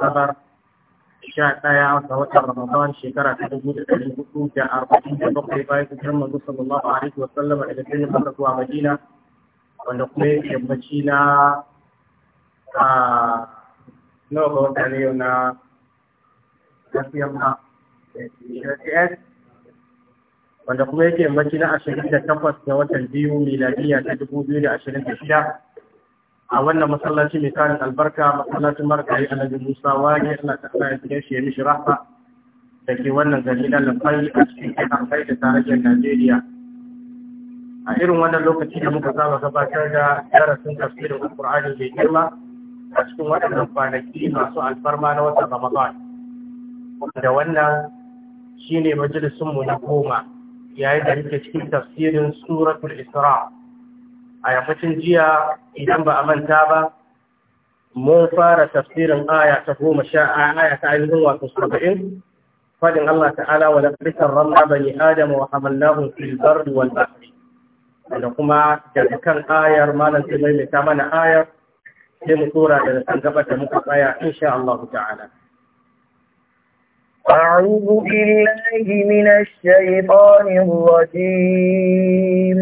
asabar sha ɗaya ga watan Ramadan shekara ta dubu da ɗari hudu da arba'in da bakwai bayan hijirar manzo sallallahu alaihi wa sallama daga birnin Makka zuwa Madina wanda kuma yammaci na a nawa ga wata ne yau na gaskiyar ma wanda kuma yake yammaci na ashirin da takwas ga watan biyu miladiya ta dubu biyu da ashirin da shida a wannan masallaci mai albarka masallacin markayi alhaji musa wani ana kasa ya fiye shi ya mishi rafa da ke wannan gari na lafai a cikin kitan kai da tarihin najeriya a irin wannan lokaci da muka saba gabatar da darasin tafsirin alkur'ani mai girma a cikin waɗannan kwanaki masu alfarma na watan ramadan da wannan shine majalisinmu na goma yayin da muke cikin tafsirin suratul isra' a yammacin jiya idan ba a manta ba mun fara tafsirin aya ta goma sha aya ta ainihin wato saba'in fadin Allah ta'ala wa laqad karramna bani adama wa hamalnahum fil bardi wal bahri da kuma daga kan ayar malam sai mai ta mana ayar sai mu tura da kan gaba da muka tsaya insha Allah ta'ala أعوذ بالله من الشيطان الرجيم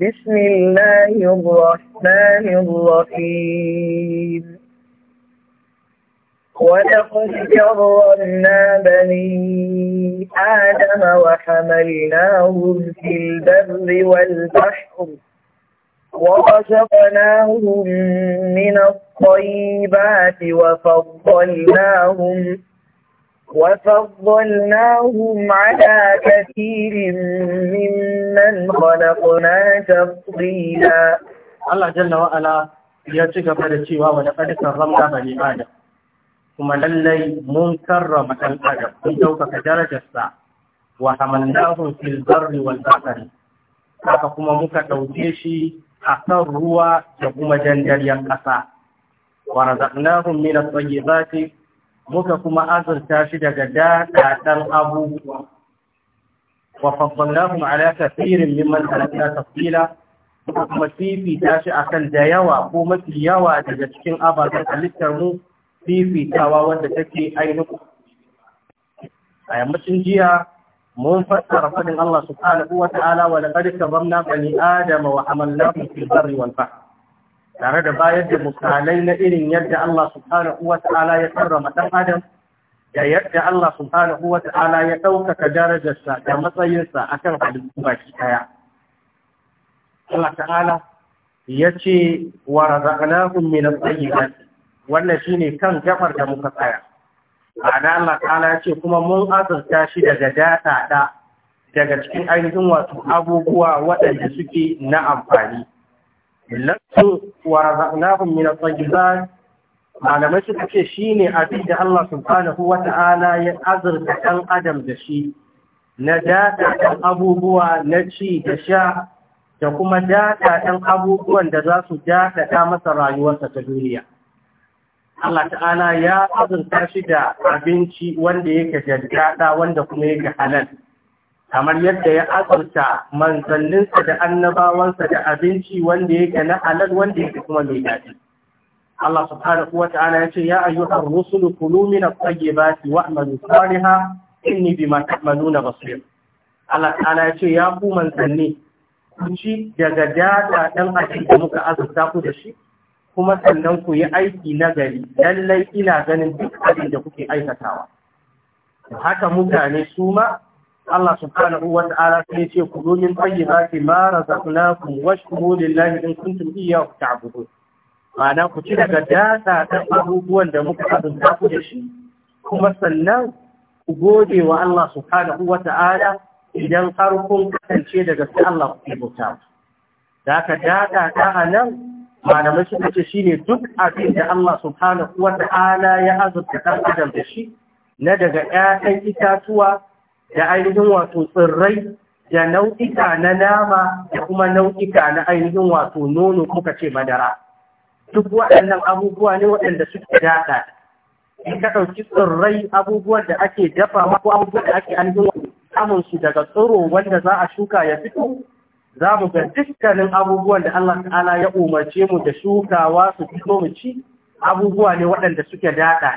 بسم الله الرحمن الرحيم ولقد كرمنا بني آدم وحملناهم في البر والبحر ورزقناهم من الطيبات وفضلناهم وفضلناهم على كثير ممن خلقنا تفضيلا الله جل وعلا ya ci gaba da cewa wani ƙarfin ramta bane adam kuma lallai mun karrama ɗan adam mun ɗaukaka darajarsa wa hamalnahum fil barri wal bahri haka kuma muka ɗauke shi a kan ruwa da kuma dandariyar ƙasa wa razaqnahum min at-tayyibati muka kuma azurta shi daga daɗaɗar abubuwa wa faddalnahum ala firin mimman halakna tafsila muka kuma fifita shi akan da yawa ko mafi yawa daga cikin ababen halittar mu fifitawa wanda take ainihin a yammacin jiya mun fassara faɗin Allah subhanahu wa ta'ala wa laqad karramna bani adama wa hamalnahum fil barri wal tare da bayar da misalai na irin yadda Allah subhanahu wa ta'ala ya karrama ɗan adam da yadda Allah subhanahu wa ta'ala ya ɗaukaka darajarsa da matsayinsa akan halittu baki ɗaya. Allah ta'ala ya ce wa razaqnahum min at-tayyibat wannan shine kan gafar da muka tsaya. Ana Allah ta'ala ya ce kuma mun azurta shi daga data da daga cikin ainihin wato abubuwa waɗanda suke na amfani. lattu wa razaqnahum min at malamai suka ce shine abin da Allah subhanahu wa ta'ala ya azurta ɗan adam da shi na dada abubuwa na ci da sha da kuma dada ɗan abubuwan da za su ta masa rayuwarsa ta duniya Allah ta'ala ya azurta shi da abinci wanda yake jaddada wanda kuma yake halal kamar yadda ya azurta manzanninsa da annabawansa da abinci wanda yake na halal wanda yake kuma mai daɗi Allah subhanahu wa ta'ala ya ce ya ayyuhar rusulu kulu min at-tayyibati wa'malu salihan inni bima ta'maluna basir Allah ta'ala ya ce ya ku manzanni ku ci daga data ɗan haƙi da muka azurta ku da shi kuma sannan ku yi aiki na gari lallai ina ganin duk abin da kuke aikatawa haka mutane su ma Allah subhanahu wa ta'ala sai ce ku zo min tayyibati ma razaqnakum washkuru lillahi in kuntum iyyahu ta'budun ma'ana ku ci daga data ta abubuwan da muka azunta ku da shi kuma sannan ku gode wa Allah subhanahu wa ta'ala idan har kun kasance daga sai Allah ku bauta da ka data ta anan malamai suka ce shine duk abin da Allah subhanahu wa ta'ala ya azurta ɗan adam da shi na daga 'ya'yan itatuwa da ainihin wato tsirrai da nau'ika na nama da kuma nau'ika na ainihin wato nono kuka ce madara duk waɗannan abubuwa ne waɗanda suke daɗa in ka ɗauki tsirrai abubuwan da ake dafa ko abubuwan da ake ainihin samun su daga tsiro wanda za a shuka ya fito za mu ga dukkanin abubuwan da Allah ta'ala ya umarce mu da shukawa su fito mu ci abubuwa ne waɗanda suke daɗa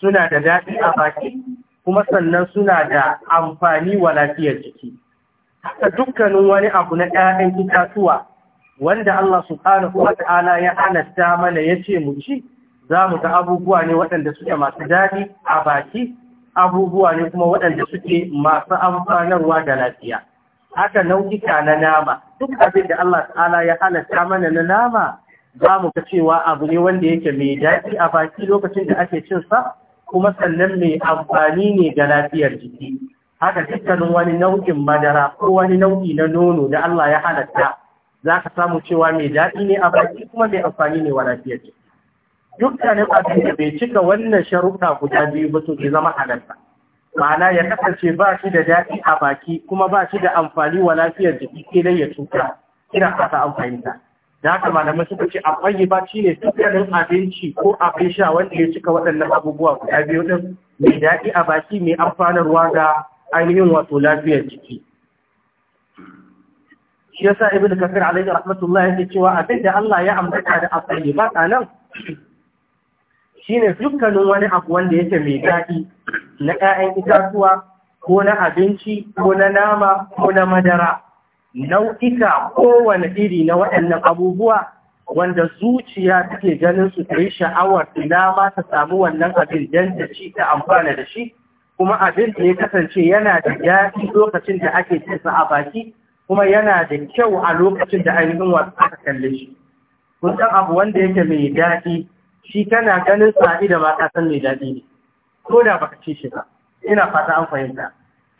suna da daɗi a baki kuma sannan suna da amfani wa lafiyar jiki haka dukkanin wani abu na 'ya'yan itatuwa wanda Allah subhanahu wata'ala ya halatta mana ya ce mu ci za mu ga abubuwa ne waɗanda suke masu daɗi a baki abubuwa ne kuma waɗanda suke masu amfanarwa da lafiya haka nau'ika na nama duk abin da Allah ta'ala ya halatta mana na nama za mu ga cewa abu ne wanda yake mai daɗi a baki lokacin da ake cin sa kuma sannan mai amfani ne ga lafiyar jiki haka dukkanin wani nau'in madara ko wani nau'i na nono da Allah ya halatta za ka samu cewa mai daɗi ne a baki kuma mai amfani ne wa lafiyar jiki dukkanin abin da bai cika wannan sharuɗa guda biyu ba to ke zama halatta ma'ana ya kasance ba shi da daɗi a baki kuma ba shi da amfani wa lafiyar jiki sai dai ya cuta ina fata amfani ta. da haka malamai suka ce a ba shi ne abinci ko abin sha wanda ya cika waɗannan abubuwa guda biyu din mai daɗi a baki mai amfanarwa ga ainihin wato lafiyar jiki shi yasa ibn kafir alaihi rahmatullahi yake cewa abin da Allah ya ambata da at-tayyibat anan shine dukkanin wani abu wanda yake mai daɗi na 'ya'yan itatuwa ko na abinci ko na nama ko na madara nau'ika kowane iri na waɗannan abubuwa wanda zuciya take ganin su ta yi sha'awar ina ma ta samu wannan abin don ta ci ta amfana da shi kuma abin da ya kasance yana da daɗi lokacin da ake sa a baki kuma yana da kyau a lokacin da ainihin wasu aka kalle shi kun san abu wanda yake mai daɗi shi tana ganin sa da ma san mai daɗi ne ko da baka ci shi ba ina fata an fahimta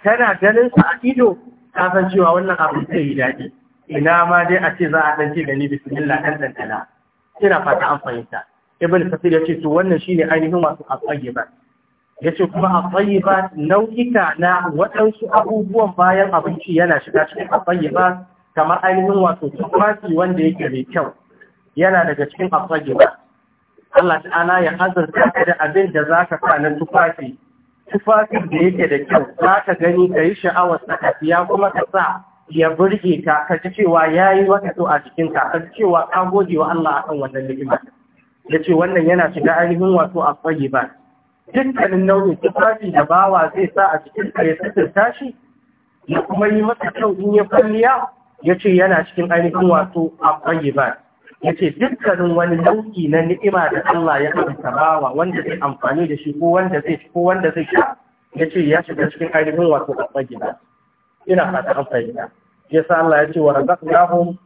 kana ganin sa a ido ka san cewa wannan abu zai yi daɗi ina ma dai a ce za a ɗan ce gani bismillah kan ɗanɗana ina fata an fahimta ibn kasir ya ce to wannan shine ainihin wasu akwai tayyibat ya ce kuma at ba nau'ika na waɗansu abubuwan bayan abinci yana shiga cikin at ba, kamar ainihin wato tufafi wanda yake mai kyau yana daga cikin akwai tayyibat Allah ta'ala ya hazarta ka da abin da zaka sa na tufafi tufafin da yake da kyau za ka gani ka yi sha'awar tsakafiya kuma ka sa ya burge ka ka ji cewa ya yi maka so a jikinka ka ji cewa ka goge wa Allah akan wannan ni'ima ya ce wannan yana shiga ainihin wato a fage ba dukkanin nau'in tufafi da bawa zai sa a jikinka ya sirta shi ya kuma yi mata kyau in ya kwalliya ya ce yana cikin ainihin wato a fage ba yake dukkanin wani nau'i na ni'ima da Allah ya karanta bawa wanda zai amfani da shi ko wanda zai ko wanda zai sha ce ya shiga cikin ainihin wato babban gida ina fata an fahimta sa Allah ya ce wa razaqnahum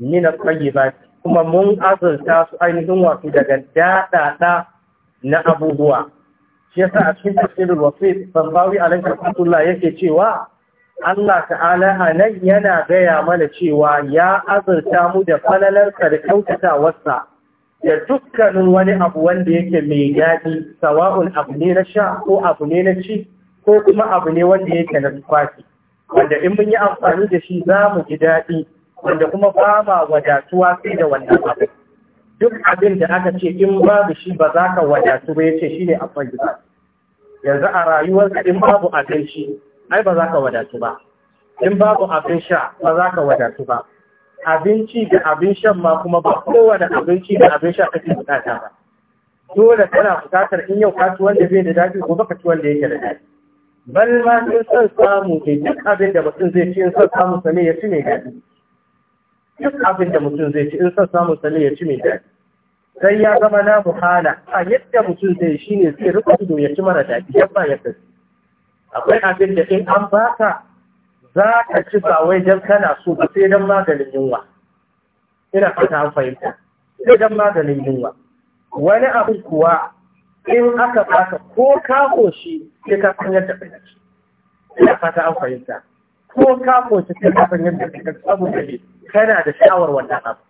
min at-tayyibat kuma mun azurta su ainihin wato daga dadada na abubuwa shi yasa a cikin tafsirul wasit sanbawi alaihi rahmatullah yake cewa Allah ta'ala a nan yana gaya mana cewa ya azurta mu da falalarsa da kyautatawarsa da dukkanin wani abu wanda yake mai daɗi sawa'un abu ne na sha ko abu ne na ci ko kuma abu ne wanda yake na tufafi wanda in mun yi amfani da shi za mu ji daɗi wanda kuma ba ma wadatuwa sai da wannan abu duk abin da aka ce in babu shi ba za ka wadatu ba ya ce shi ne akwai yanzu a rayuwarsa in babu abinci ai ba za ka wadatu ba in babu abin sha ba za ka wadatu ba abinci da abin shan ma kuma ba kowane abinci da abin sha kake bukata ba dole kana bukatar in yau ka ci wanda bai da dadi gobe ka ci wanda yake da dadi. bal ma in son samu ke duk abin da mutum zai ci in son samu sane ya ci mai daɗi duk abin da mutum zai ci in son samu sane ya ci mai daɗi sai ya zama na muhala a yadda mutum zai shi ne zai rika ido ya ci mara dadi yabba ya tafi akwai abin da in an baka za ka ci ba wai don kana so ba sai don maganin yunwa ina fata an fahimta sai don maganin yunwa wani abu kuwa in aka baka ko ka koshi sai ka san yadda ka ci ina fata an fahimta ko ka koshi sai ka san yadda ka ci saboda ne kana da sha'awar wannan abu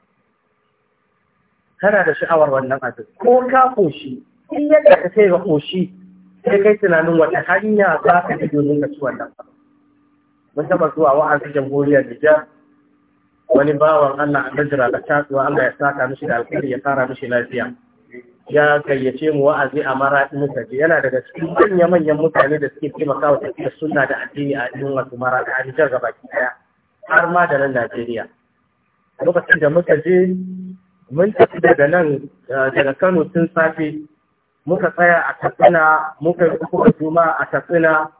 kana da sha'awar wannan abu ko ka koshi in yadda ka sai ga koshi sai kai tunanin wata hanya za ka bi domin ka ci wannan mun taɓa zuwa wa'azin jamhuriyar Nijar wani bawan Allah an dajira da Allah ya saka mishi da alkhairi ya fara mishi lafiya ya gayyace mu wa'azi a maraɗi muka je yana daga cikin manya manyan mutane da suke taimaka wa tafiyar suna da addini a cikin wasu maraɗi a Nijar gaba ɗaya har ma da nan Najeriya lokacin da muka je mun tafi daga nan eh, daga Kano tun safe muka tsaya a katsina muka yi kuma juma a katsina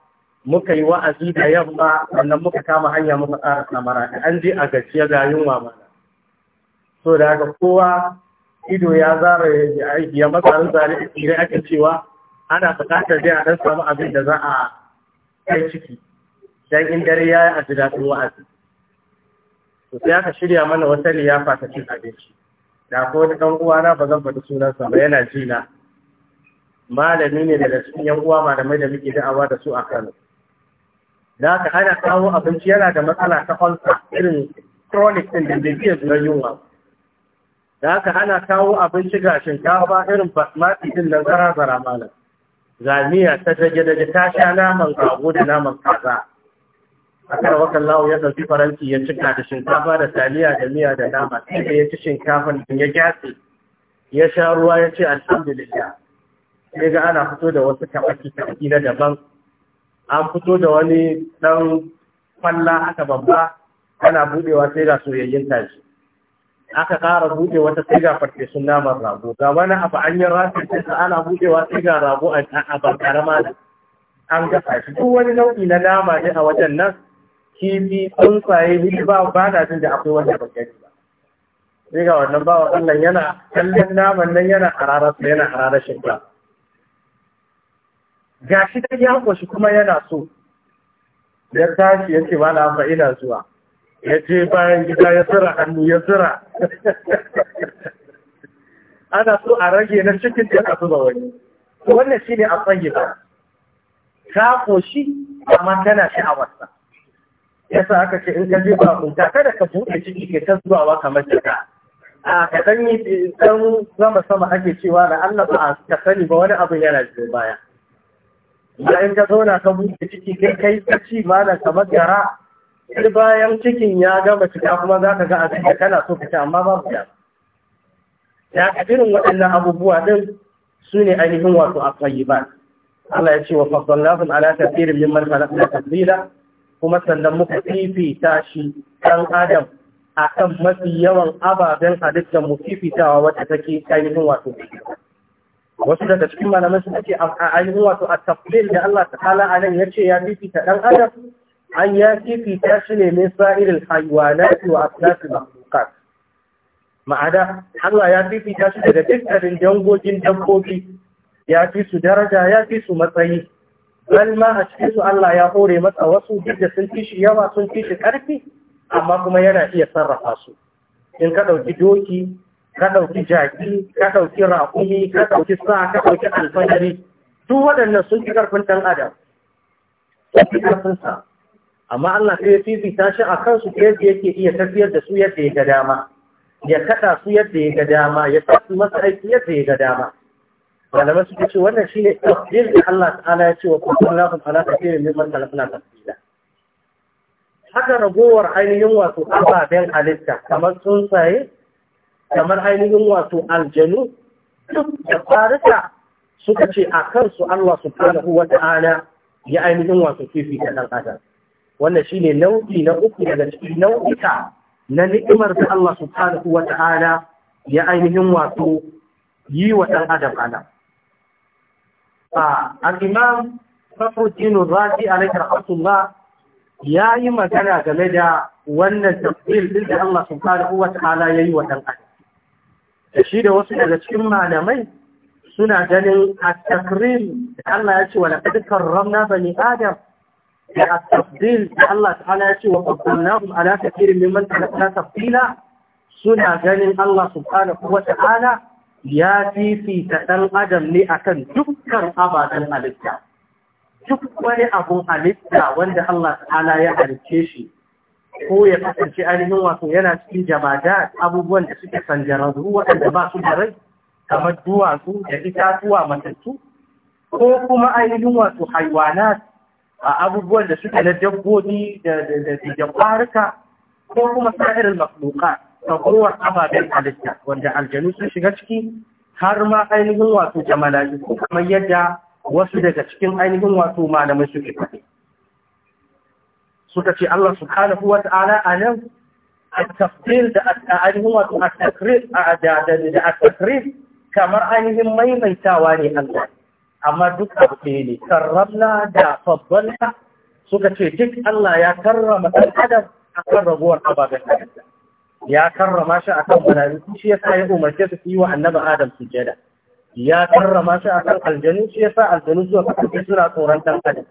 muka yi wa'azi da yamma sannan muka kama hanya muka tsara samara an je a gajiya ga yunwa mana so da kowa ido ya zara ya matsarin zare ake cewa ana buƙatar dai a dan samu abin da za a kai ciki dan in dare ya yi a ji daɗin wa'azi to sai aka shirya mana wata liyafa ta cin abinci da ko wani ɗan uwana ba zan faɗi sunansa ba yana jina. malami ne daga cikin yan uwa malamai da muke da'awa da su a Kano da aka ana kawo abinci yana da matsala ta ulcer irin chronic din da bai iya zuwa yunwa da aka ana kawo abinci ga shinkafa irin basmati din nan zara zara malam zamiya ta jage da ta sha naman kago da naman kaza a kan wakan lawo ya ɗauki faranti ya cika da shinkafa da taliya da miya da nama sai da ya ci shinkafan ya gyatse ya sha ruwa ya ce alhamdulillah sai ga ana fito da wasu taɓaki-taɓaki na daban an fito da wani ɗan kwalla aka babba ana buɗewa sai ga soyayyen tashi aka ƙara buɗe wata sai ga farfesun naman rago ga wani abu an yi rafi sai ana buɗewa sai ga rago a bankara da an gasa shi duk wani nau'i na nama ne a wajen nan kifi tsuntsaye hidi ba ba na jin da akwai wanda ba gani ba sai ga wannan bawa Allah yana kallon naman nan yana hararar yana hararar shinkafa ga shi da ya kwashi kuma yana so ya tashi ya ce wani fa ina zuwa ya je bayan gida ya tsira hannu ya tsira ana so a rage na cikin da aka zuba wani wannan shi ne a tsange ba ka koshi amma tana Ya yasa aka ce in ka je ba ta kada ka buɗe ciki ke ta zuwa wa kamar jaka a kadan yi dan sama sama ake cewa da Allah ba ka sani ba wani abu yana jirgin baya da in ka zauna ka buɗe ciki kai kai ta ci mana kamar gara sai bayan cikin ya gama cika kuma za ka ga a cikin kana so ka ci amma babu ya ya ka irin waɗannan abubuwa ɗin su ne ainihin wato a tsayiban Allah ya ce wa fasallahu ala tafsirin mimman khalaqna tafsila kuma sannan muka fifita shi kan adam a kan mafi yawan ababen halittar mu fifitawa wacce take ainihin wato wasu daga cikin malamai sun ce a ainihin wato a tafsir da Allah Ta kala a nan ya ce ya fifita ɗan adam an ya fifita shi ne mai sa'irin haiwanati wa asnafil makhluqat Ma'ada, Allah ya fifita shi daga dukkanin dangogin dabbobi ya fi su daraja ya fi su matsayi bal ma a cikin su Allah ya hore masa wasu duk da sun kishi yawa sun kishi karfi ƙarfi amma kuma yana iya sarrafa su in ka ɗauki doki ka ɗauki jaki ka ɗauki raƙumi ka ɗauki sa ka ɗauki alfadari Tun waɗannan sun fi ƙarfin ɗan adam sun fi ƙarfin sa amma Allah ka ya fifita shi a kansu ta yadda yake iya tafiyar da su yadda ya ga dama ya kaɗa su yadda ya ga dama ya sa su masa aiki yadda ya ga dama malamai suka ce wannan shi ne tafiyar da Allah ta'ala ya ce wa kuma lafin ala tafiyar neman talafina fiye. haka ragowar ainihin wato ababen halitta kamar tsuntsaye kamar ainihin wato aljanu duk da farisa suka ce a kansu Allah subhanahu wa ta'ala ya ainihin wato kifi da ɗan adam wannan shine nau'i na uku daga cikin nau'ika na ni'imar da Allah subhanahu wa ta'ala ya ainihin wato yi wa ɗan adam ana al-imam Fakhruddin Razi alaihi rahmatullah ya yi magana game da wannan tafsir din da Allah subhanahu wa ta'ala ya yi wa ɗan adam da shi da wasu daga cikin malamai suna ganin at-takrim da Allah ya ce wa laqad karramna bani adam da at-tafdil da Allah ta'ala ya ce wa qaddamnahum ala kathirin mimman khalaqna tafdila suna ganin Allah subhanahu wa ta'ala ya fifita ɗan adam ne akan dukkan ababen halitta duk wani abun halitta wanda Allah ta'ala ya halicce shi ko ya kasance ainihin wato yana cikin jamada abubuwan da suke sanjararru waɗanda ba su da rai kamar duwatsu da itatuwa matattu ko kuma ainihin wato haiwana a abubuwan da suke na dabbobi da kwaruka ko kuma sa'irin ta kowar ababen halitta wanda aljanu sun shiga ciki har ma ainihin wato jama'a kamar yadda wasu daga cikin ainihin wato malamai suke faɗi suka ce Allah subhanahu wa ta'ala a nan a tafsir da ainihin wato a takrif a da a takrif kamar ainihin maimaitawa ne Allah amma duk abu ɗaya ne karramna da fabbalna suka ce duk Allah ya karrama ɗan adam akan raguwar ababen adam ya karrama shi akan mala'iku shi yasa ya umarce su yi wa annabi adam su jada. ya karrama shi akan aljanu shi ya sa aljanu zuwa kafin suna tsoron ɗan adam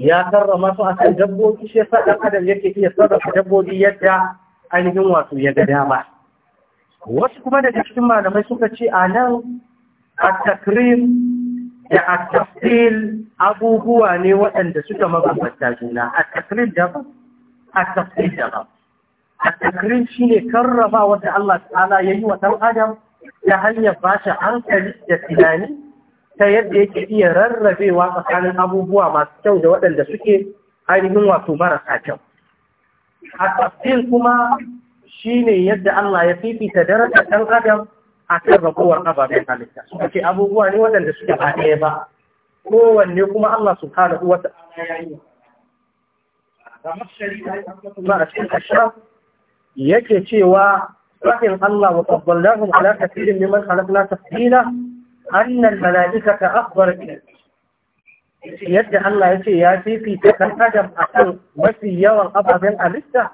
ya karrama su a kan dabbobi shi yasa ɗan adam yake iya sarrafa dabbobi yadda ainihin wato ya ga dama wasu kuma daga cikin malamai suka ce a nan a takrim da a abubuwa ne waɗanda suka mabambanta juna a takrim daban a da daban a takrim shi karrama wanda Allah ta'ala ya yi wa ɗan adam ta hanyar ba shi hankali da tunani ta yadda yake iya rarrabewa tsakanin abubuwa masu kyau da waɗanda suke ainihin wato marasa kyau a tafsir kuma shi ne yadda Allah ya fifita darajar ɗan adam a kan ragowar ababen halitta suka ce abubuwa ne waɗanda suke ba ɗaya ba kowanne kuma Allah subhanahu ta. ta'ala ya yi ba yake cewa rahim Allah wa tabbalahum ala kafirin neman khalaqna tafsila أن الملائكة أخبرت yadda Allah ya ce ya fifita ɗan adam akan kan mafi yawan ababen halitta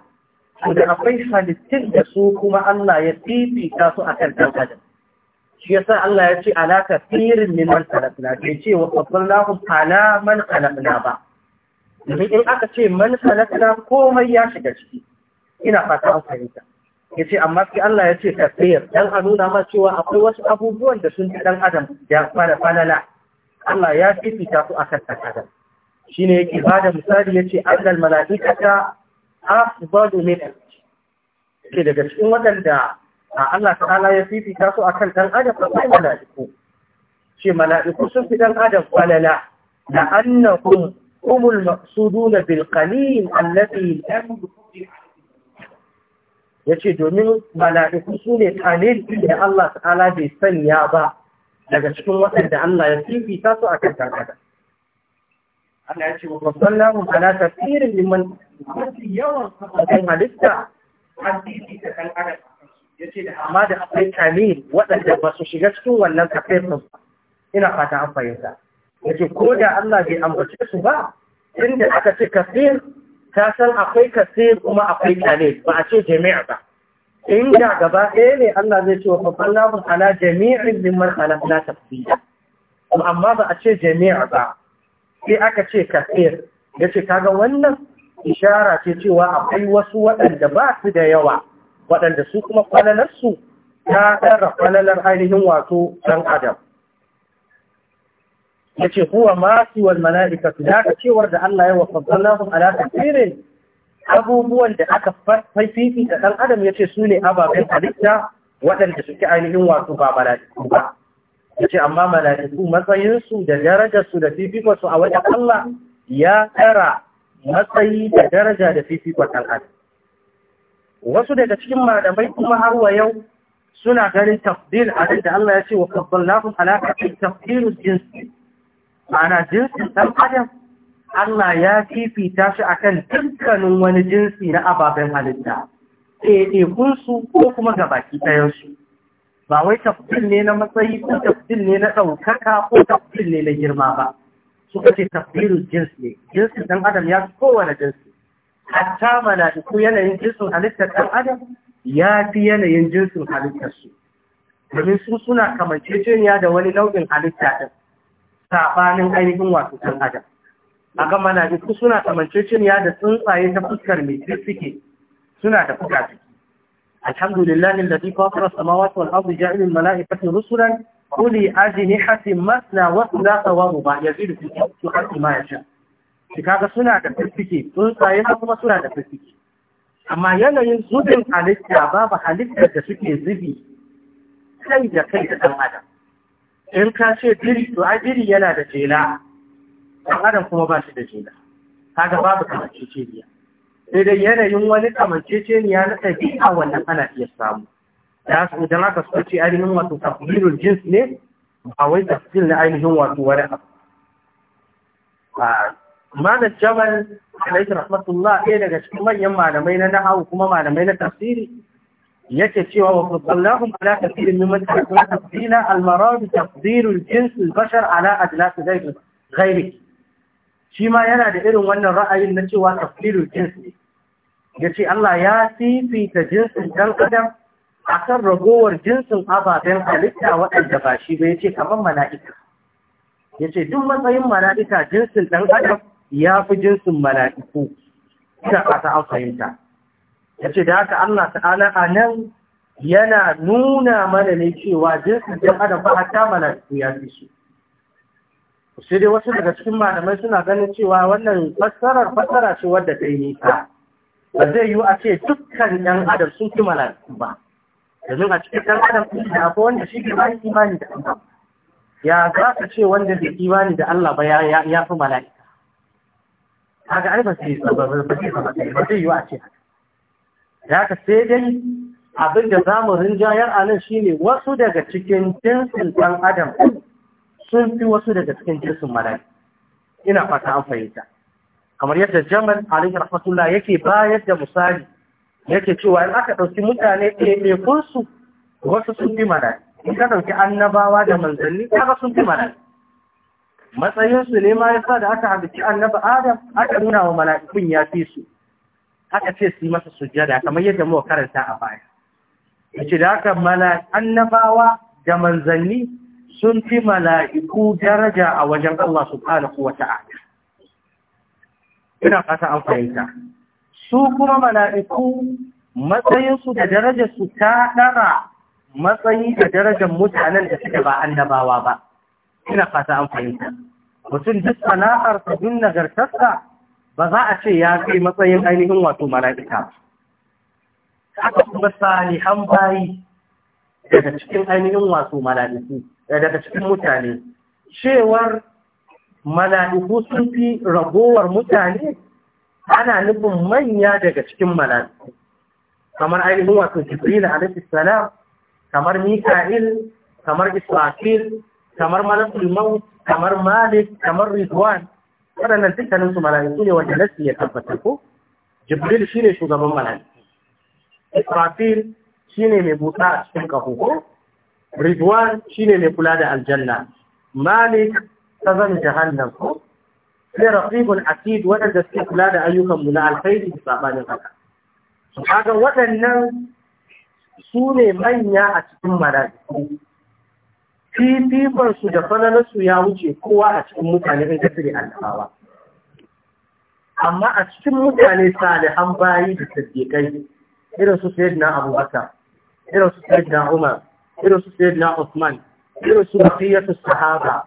da akwai halittun da su kuma Allah ya fifita su akan kan ɗan adam Allah ya ce alaka firin liman halakna bai ce wa babban lahun ala man halakna ba domin in aka ce man halakna komai ya shiga ciki ina fata an fahimta ya ce amma sai Allah ya ce ka tsayar dan a nuna ma cewa akwai wasu abubuwan da sun fi dan adam ya fara falala Allah ya fifita su akan ɗan adam Shi shine yake da misali ya ce yace annal malaikata afdalu min ke daga cikin waɗanda a Allah ta'ala ya fifita su akan ɗan adam akwai malaiku ce malaiku sun fi ɗan adam falala Da la'annahum هم المقصودون بالقليل الذي لم يكن ya ce domin mala'iku su ne tane da Allah ta'ala bai sanya ba daga cikin waɗanda Allah ya fifita su a kan karkata. Allah ya ce wa sallahu ala tafsirin liman mafi yawan kan halitta an fifita kan ya ce da amma da akwai tane waɗanda ba su shiga cikin wannan kafin ina fata an fahimta. Ya ce ko da Allah bai ambace su ba inda aka ce kafin ta san akwai kasir kuma akwai kane ba a ce jami'a ba inda gaba ɗaya ne Allah zai ce wa fasallahu ala jami'in mimman halakna tafsila amma ba a ce jami'a ba sai aka ce kasir ya ce kaga wannan ishara ce cewa akwai wasu waɗanda ba su da yawa waɗanda su kuma su ta ɗara kwalalar ainihin wato ɗan adam yace huwa ma fi wal mala'ikatu da ka cewar da Allah ya wasallallahu ala kafirin abubuwan da aka fifi da dan adam yace su ne ababen halitta waɗanda suke ainihin wato ba mala'iku ba yace amma mala'iku matsayin su da darajar su da fifikon su a wajen Allah ya tsara matsayi da daraja da fifikon dan adam wasu daga cikin malamai kuma har wa yau suna ganin tafdil a da Allah ya ce wa faddalnahum ala kafirin jinsi ma'ana jinsin ɗan adam Allah ya fifita shi akan dukkanin wani jinsi na ababen halitta ɗaiɗaikunsu ko kuma ga baki ɗayansu ba wai tafsir ne na matsayi ko tafsir ne na ɗaukaka ko tafsir ne na girma ba suka ce tafsirin jins ne jinsin ɗan adam ya fi kowane jinsi hatta mala'iku yanayin jinsin halittar ɗan adam ya fi yanayin jinsin halittarsu domin su suna kamanceceniya da wani nau'in halitta ɗin saɓanin ainihin wato ɗan adam a ga manajiku suna kamanceceniya da tsuntsaye ta fuskar mai duk suke suna da fuka ciki alhamdulillah alladhi fatara samawati wal ardi ja'ala al mala'ikata rusulan quli ajnihati masna mu ba wa ruba suke su khalqi ma sha. shi kaga suna da fuske tsuntsaye kuma suna da fuske amma yanayin zubin halitta babu halittar da suke zubi kai da kai da ɗan adam in ka ce biri to yana da jela ɗan adam kuma ba shi da jela kaga babu kamanceceniya sai dai yanayin wani kamanceceniya na ɗabi'a wannan ana iya samu da su idan aka so ce ainihin wato tafsirin jins ne a wai tafsir na ainihin wato wani abu malam jamal alaihi rahmatullah ɗaya daga cikin manyan malamai na nahawu kuma malamai na tafsiri yake cewa wa faddallahum ala kathirin mimman tarkuna tafdila al marad taqdir al jins al bashar ala adlas shi ma yana da irin wannan ra'ayin na cewa tafdilul jins yace Allah ya fifita jinsin dan a akan ragowar jinsin ababen halitta waɗanda ba shi ba yace kamar mala'ika yace duk matsayin mala'ika jinsin dan adam ya fi jinsin mala'iku ita ka ta fahimta ya ce da haka Allah ta'ala a nan yana nuna mana ne cewa jinsin ɗan adam ba hatta mala'iku ya fi su sai dai wasu daga cikin malamai suna ganin cewa wannan fassarar fassara ce wadda ta yi nisa ba zai yiwu a ce dukkan ɗan adam sun fi mala'iku ba domin a cikin ɗan adam sun da akwai wanda shi ke ba imani da Allah ya za ka ce wanda bai imani da Allah ba ya fi mala'ika Haka ai ba sai yi sai ba zai yiwu a ce haka da haka sai dai abin da zamu mu a nan shine wasu daga cikin jinsin ɗan adam sun fi wasu daga cikin jinsin mala'i ina fata an fahimta kamar yadda jamal alaihi rahmatullah yake bayar da misali yake cewa in aka ɗauki mutane ɗaiɗaikun su wasu sun fi mala'i in ka ɗauki annabawa da manzanni kaga sun fi mala'i matsayinsu ne ma yasa da aka haɗuki annaba adam aka nuna wa mala'ikun ya fi su aka ce su yi masa sujjada kamar yadda muka karanta a baya yace da haka mala annabawa da manzanni sun fi mala'iku daraja a wajen Allah subhanahu wa ta'ala ina fata an fahimta su kuma mala'iku su da su ta ɗara matsayi da darajar mutanen da suke ba annabawa ba ina fata an fahimta mutum duk sana'arsa duk nagartarsa ba za a ce ya fi matsayin ainihin wato mala'ika haka kuma salihan bayi daga cikin ainihin wato mala'iku daga cikin mutane cewar mala'iku sun fi ragowar mutane ana nufin manya daga cikin mala'iku kamar ainihin wato jibril alaihi salam kamar mika'il kamar isra’il, kamar malakul kamar malik kamar ridwan waɗannan dukkanin su mala'iku ne wanda nasi ya tabbata ko jibril shine shugaban mala'iku israfil shine mai buta a cikin kafu ko shi shine mai kula da aljanna malik ta zan jahannam ko sai rafiqul asid waɗanda suke kula da ayyukan mu na alkhairi da sabanin haka kaga waɗannan su ne manya a cikin mala'iku fifikonsu da falalarsu ya wuce kowa a cikin mutane in ka cire annabawa amma a cikin mutane salihan bayi da sadiqai irin su sayyidina abubakar irin su sayyidina umar irin su sayyidina usman irin su baqiyatu sahaba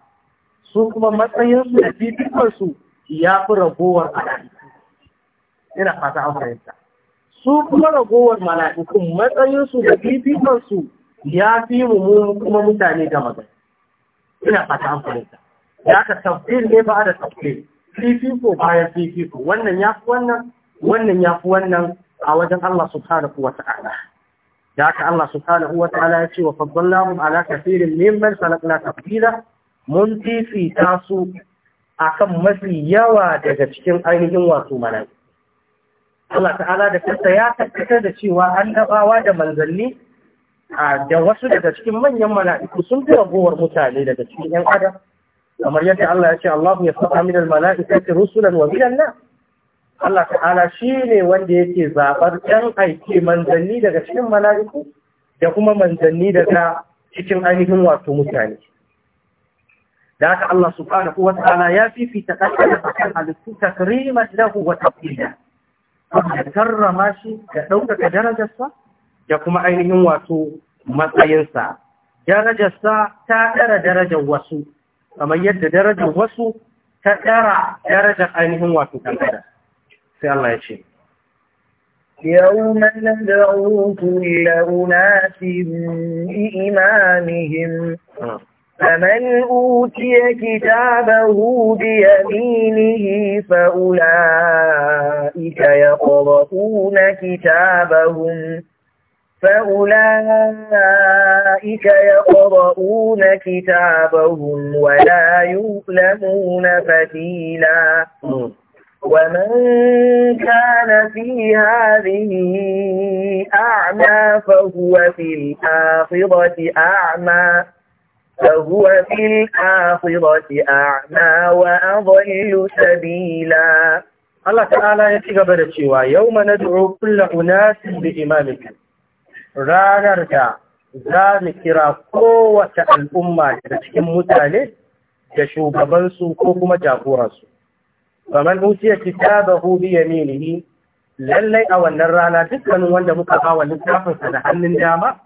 su kuma matsayinsu da fifikonsu ya fi ragowar mala'iku ina fata an fahimta su kuma ragowar mala'ikun matsayinsu da fifikonsu ya fi mu mu kuma mutane ga magana ina fata an fahimta ya ka tafsir ne ba da tafsir ko bayan ko wannan ya fi wannan wannan ya fi wannan a wajen Allah subhanahu wa ta'ala da haka Allah subhanahu wa ta'ala ya ce wa faddallahum ala kathirin mimman salakna tafsira mun fifita su akan mafi yawa daga cikin ainihin wato malaiku Allah ta'ala da kansa ya tabbatar da cewa annabawa da manzanni da wasu daga cikin manyan mala'iku sun fi ragowar mutane daga cikin ‘yan adam kamar yadda Allah ya ce Allahu ya saka minal mala'ikati rusulan wa minan na Allah ta'ala shi ne wanda yake zaɓar ‘yan aiki manzanni daga cikin mala'iku da kuma manzanni daga cikin ainihin wato mutane da haka Allah subhanahu wa ta'ala ya fifita ƙasar akan halittu takriman lahu wa karrama shi da ɗaukaka darajarsa da kuma ainihin wato matsayinsa darajarsa ta ɗara darajar wasu kamar yadda darajar wasu ta ɗara darajar ainihin wato kankara sai Allah ya ce يوم ندعو كل أناس بإمامهم فمن أوتي كتابه بيمينه فأولئك يقرؤون كتابهم فأولئك يقرؤون كتابهم ولا يؤلمون فتيلا ومن كان في هذه أعمى فهو في الآخرة أعمى فهو في الآخرة أعمى وأضل سبيلا الله تعالى يتقبل الشواء يوم ندعو كل أناس بإمامكم ranar da za mu kira kowace al'umma daga cikin mutane da shugabansu ko kuma jagoransu. Kamar huciya kitabahu bi lallai a wannan rana dukkanin wanda muka ba wa littafinsa da hannun dama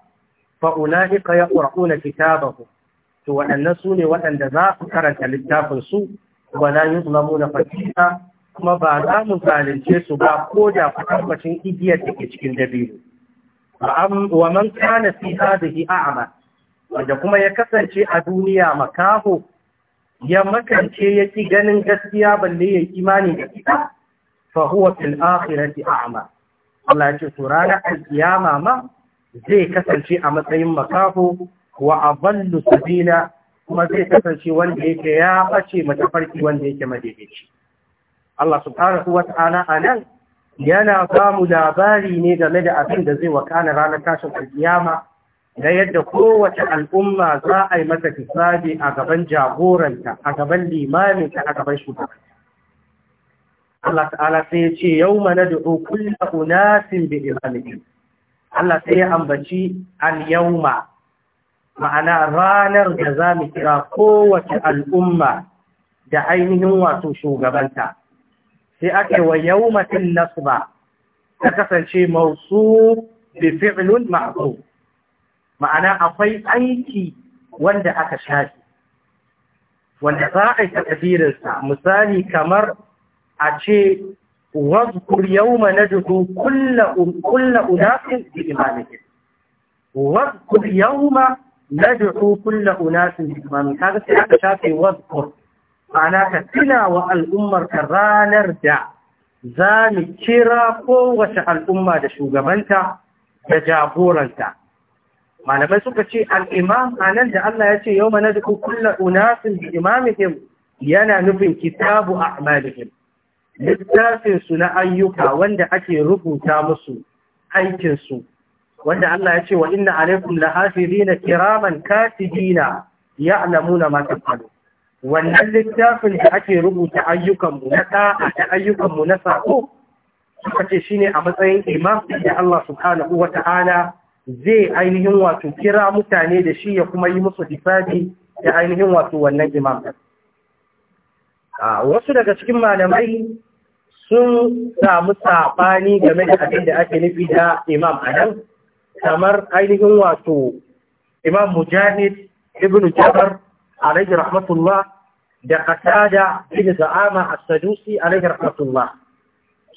Fa'una fa ulaika yaqra'una kitabahu to waɗannan su ne waɗanda za su karanta littafinsu ba na yi zumamu na fatita kuma ba za mu zalunce su ba ko da kwatankwacin igiyar da ke cikin dabino. wa man kana fi hadhihi a'ma wanda kuma ya kasance a duniya makaho ya makance ya ki ganin gaskiya balle ya imani da ita fa huwa fil akhirati a'ma Allah ya ce to ranar alkiyama ma zai kasance a matsayin makaho wa aballu sabila kuma zai kasance wanda yake ya bace matafarki wanda yake madaidaici Allah subhanahu wata'ala anan yana samu labari ne game da abin da zai wakana ranar tashin alkiyama da yadda kowace al'umma za a yi mata hisabi a gaban jagoranta a gaban limaminta a gaban shugaba. Allah ta'ala sai ya ce yau mana da kulla unasin bi imamihim Allah sai ya ambaci al yauma ma'ana ranar da za mu kira kowace al'umma da ainihin wato shugabanta sai ake wa yawmatin nasba ta kasance mausu bi fi'lun ma'ana akwai aiki wanda aka shafi wanda za a yi takadirin sa misali kamar a ce واذكر يوم ندعو كل كل أناس بإمامهم واذكر يوم ندعو كل أناس بإمامهم هذا سيحدث شافي واذكر ma'ana ka tuna wa al'ummar ka ranar da za mu kira kowace al'umma da shugabanta da jagoranta malamai suka ce al'imam a nan da Allah ya ce yau mana duk kulla unasin da imamihim yana nufin kitabu a amalihim littafinsu na ayyuka wanda ake rubuta musu aikinsu wanda Allah ya ce wa inna alaikum lahafirina kiraman katibina ya'lamuna ma tafalun wannan littafin da ake rubuta ayyukanmu na ɗa'a da ayyukanmu na sako suka ce shine a matsayin imam da Allah subhanahu wa ta'ala zai ainihin wato kira mutane da shi ya kuma yi musu hisabi da ainihin wato wannan imam wasu daga cikin malamai sun samu saɓani game da abin da ake nufi da imam a nan kamar ainihin wato imam mujahid ibn jabar alaihi rahmatullah da qatada ibn za'ama as-sadusi alayhi rahmatullah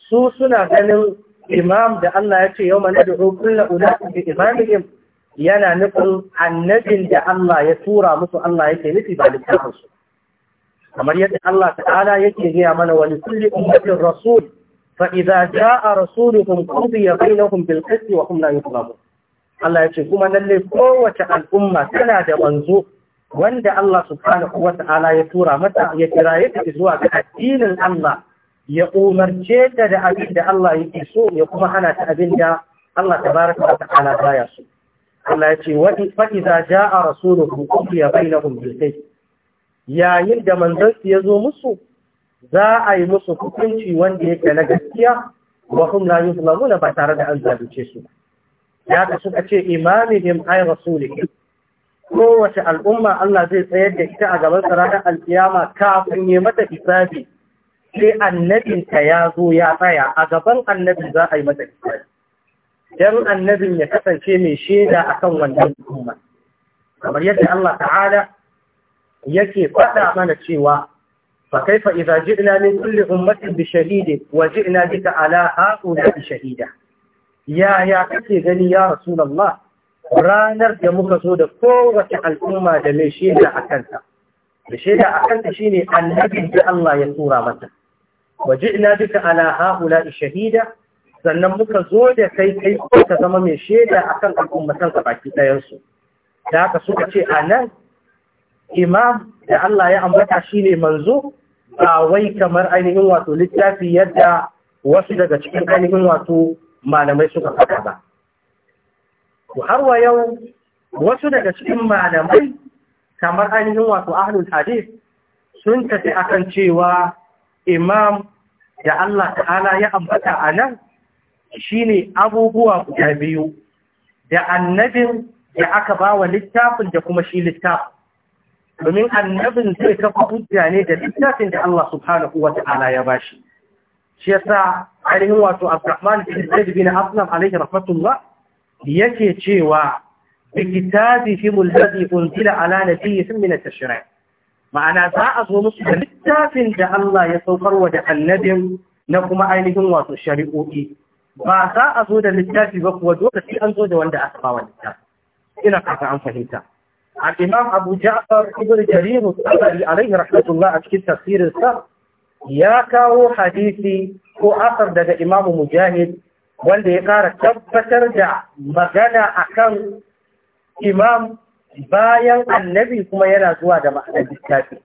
su suna ganin imam da Allah ya ce yau mana da kullu ulati bi imamihim yana nufin annabin da Allah ya tura musu Allah yake nufi ba littafin su kamar yadda Allah ta'ala yake gaya mana wa li kulli ummatin rasul fa idza jaa rasuluhum qudiya bainahum bil qist wa hum la yuzlamun Allah ya ce kuma lalle kowace al'umma tana da manzo wanda Allah subhanahu wa ta'ala ya tura mata ya kiraye ta zuwa ga addinin Allah ya umarce ta da abin da Allah yake so ya kuma hana ta abin da Allah tabaraka wa ta'ala baya so Allah ya ce wa idza jaa rasuluhu qudiya bainahum bil qist yayin da manzon ya zo musu za a yi musu hukunci wanda yake na gaskiya wa hum la yuzlamuna ba tare da an zalunce su ya ta suka ce imamihim ay rasulihim kowace al'umma Allah zai tsayar da ita a gaban ranar alkiyama kafin ya mata isabi sai annabinta ya zo ya tsaya a gaban annabin za a yi mata hisabi dan annabin ya kasance mai shaida akan wannan al'umma kamar yadda Allah ta'ala yake faɗa mana cewa fa kaifa idza ji'na min kulli ummatin bi waje wa ji'na bika ala ha'ula shahida ya ya kake gani ya rasulullah ranar da muka so da kowace al'umma da mai shaida a kanta da shaida a kanta ne annabin da Allah ya tura mata ina bika ala haula shahida sannan muka zo da kai kai ka zama mai shaida akan al'ummatan ka baki ɗayansu? da haka suka ce a nan? imam da Allah ya ambata shine manzo ba wai kamar ainihin wato littafi yadda wasu daga cikin ainihin wato malamai suka faɗa ba har wa yau wasu daga cikin malamai kamar ainihin wato ahlul hadith sun tafi akan cewa imam da Allah ta'ala ya ambata a nan shine abubuwa guda biyu da annabin da aka ba wa littafin da kuma shi littafin domin annabin zai kafa hujja ne da littafin da Allah subhanahu wa ta'ala ya bashi shi yasa ainihin wato Abdurrahman bin Zaid bin Aslam alaihi rahmatullah yake cewa bi kitabihim alladhi unzila ala nabiyyin min at-tashri' ma'ana za a zo musu da littafin da Allah ya saukar wa da annabi na kuma ainihin wato shari'o'i ba za a zo da littafi ba kuwa dole sai an zo da wanda aka ba wa ina kaka an fahimta A أبو جعفر ابن جرير الطبري عليه Alayhi الله أشكي تفسير السر يا كاو حديثي هو أثر لدى إمام wanda ya kara tabbatar da magana a kan imam bayan annabi kuma yana zuwa da ma'anar littafi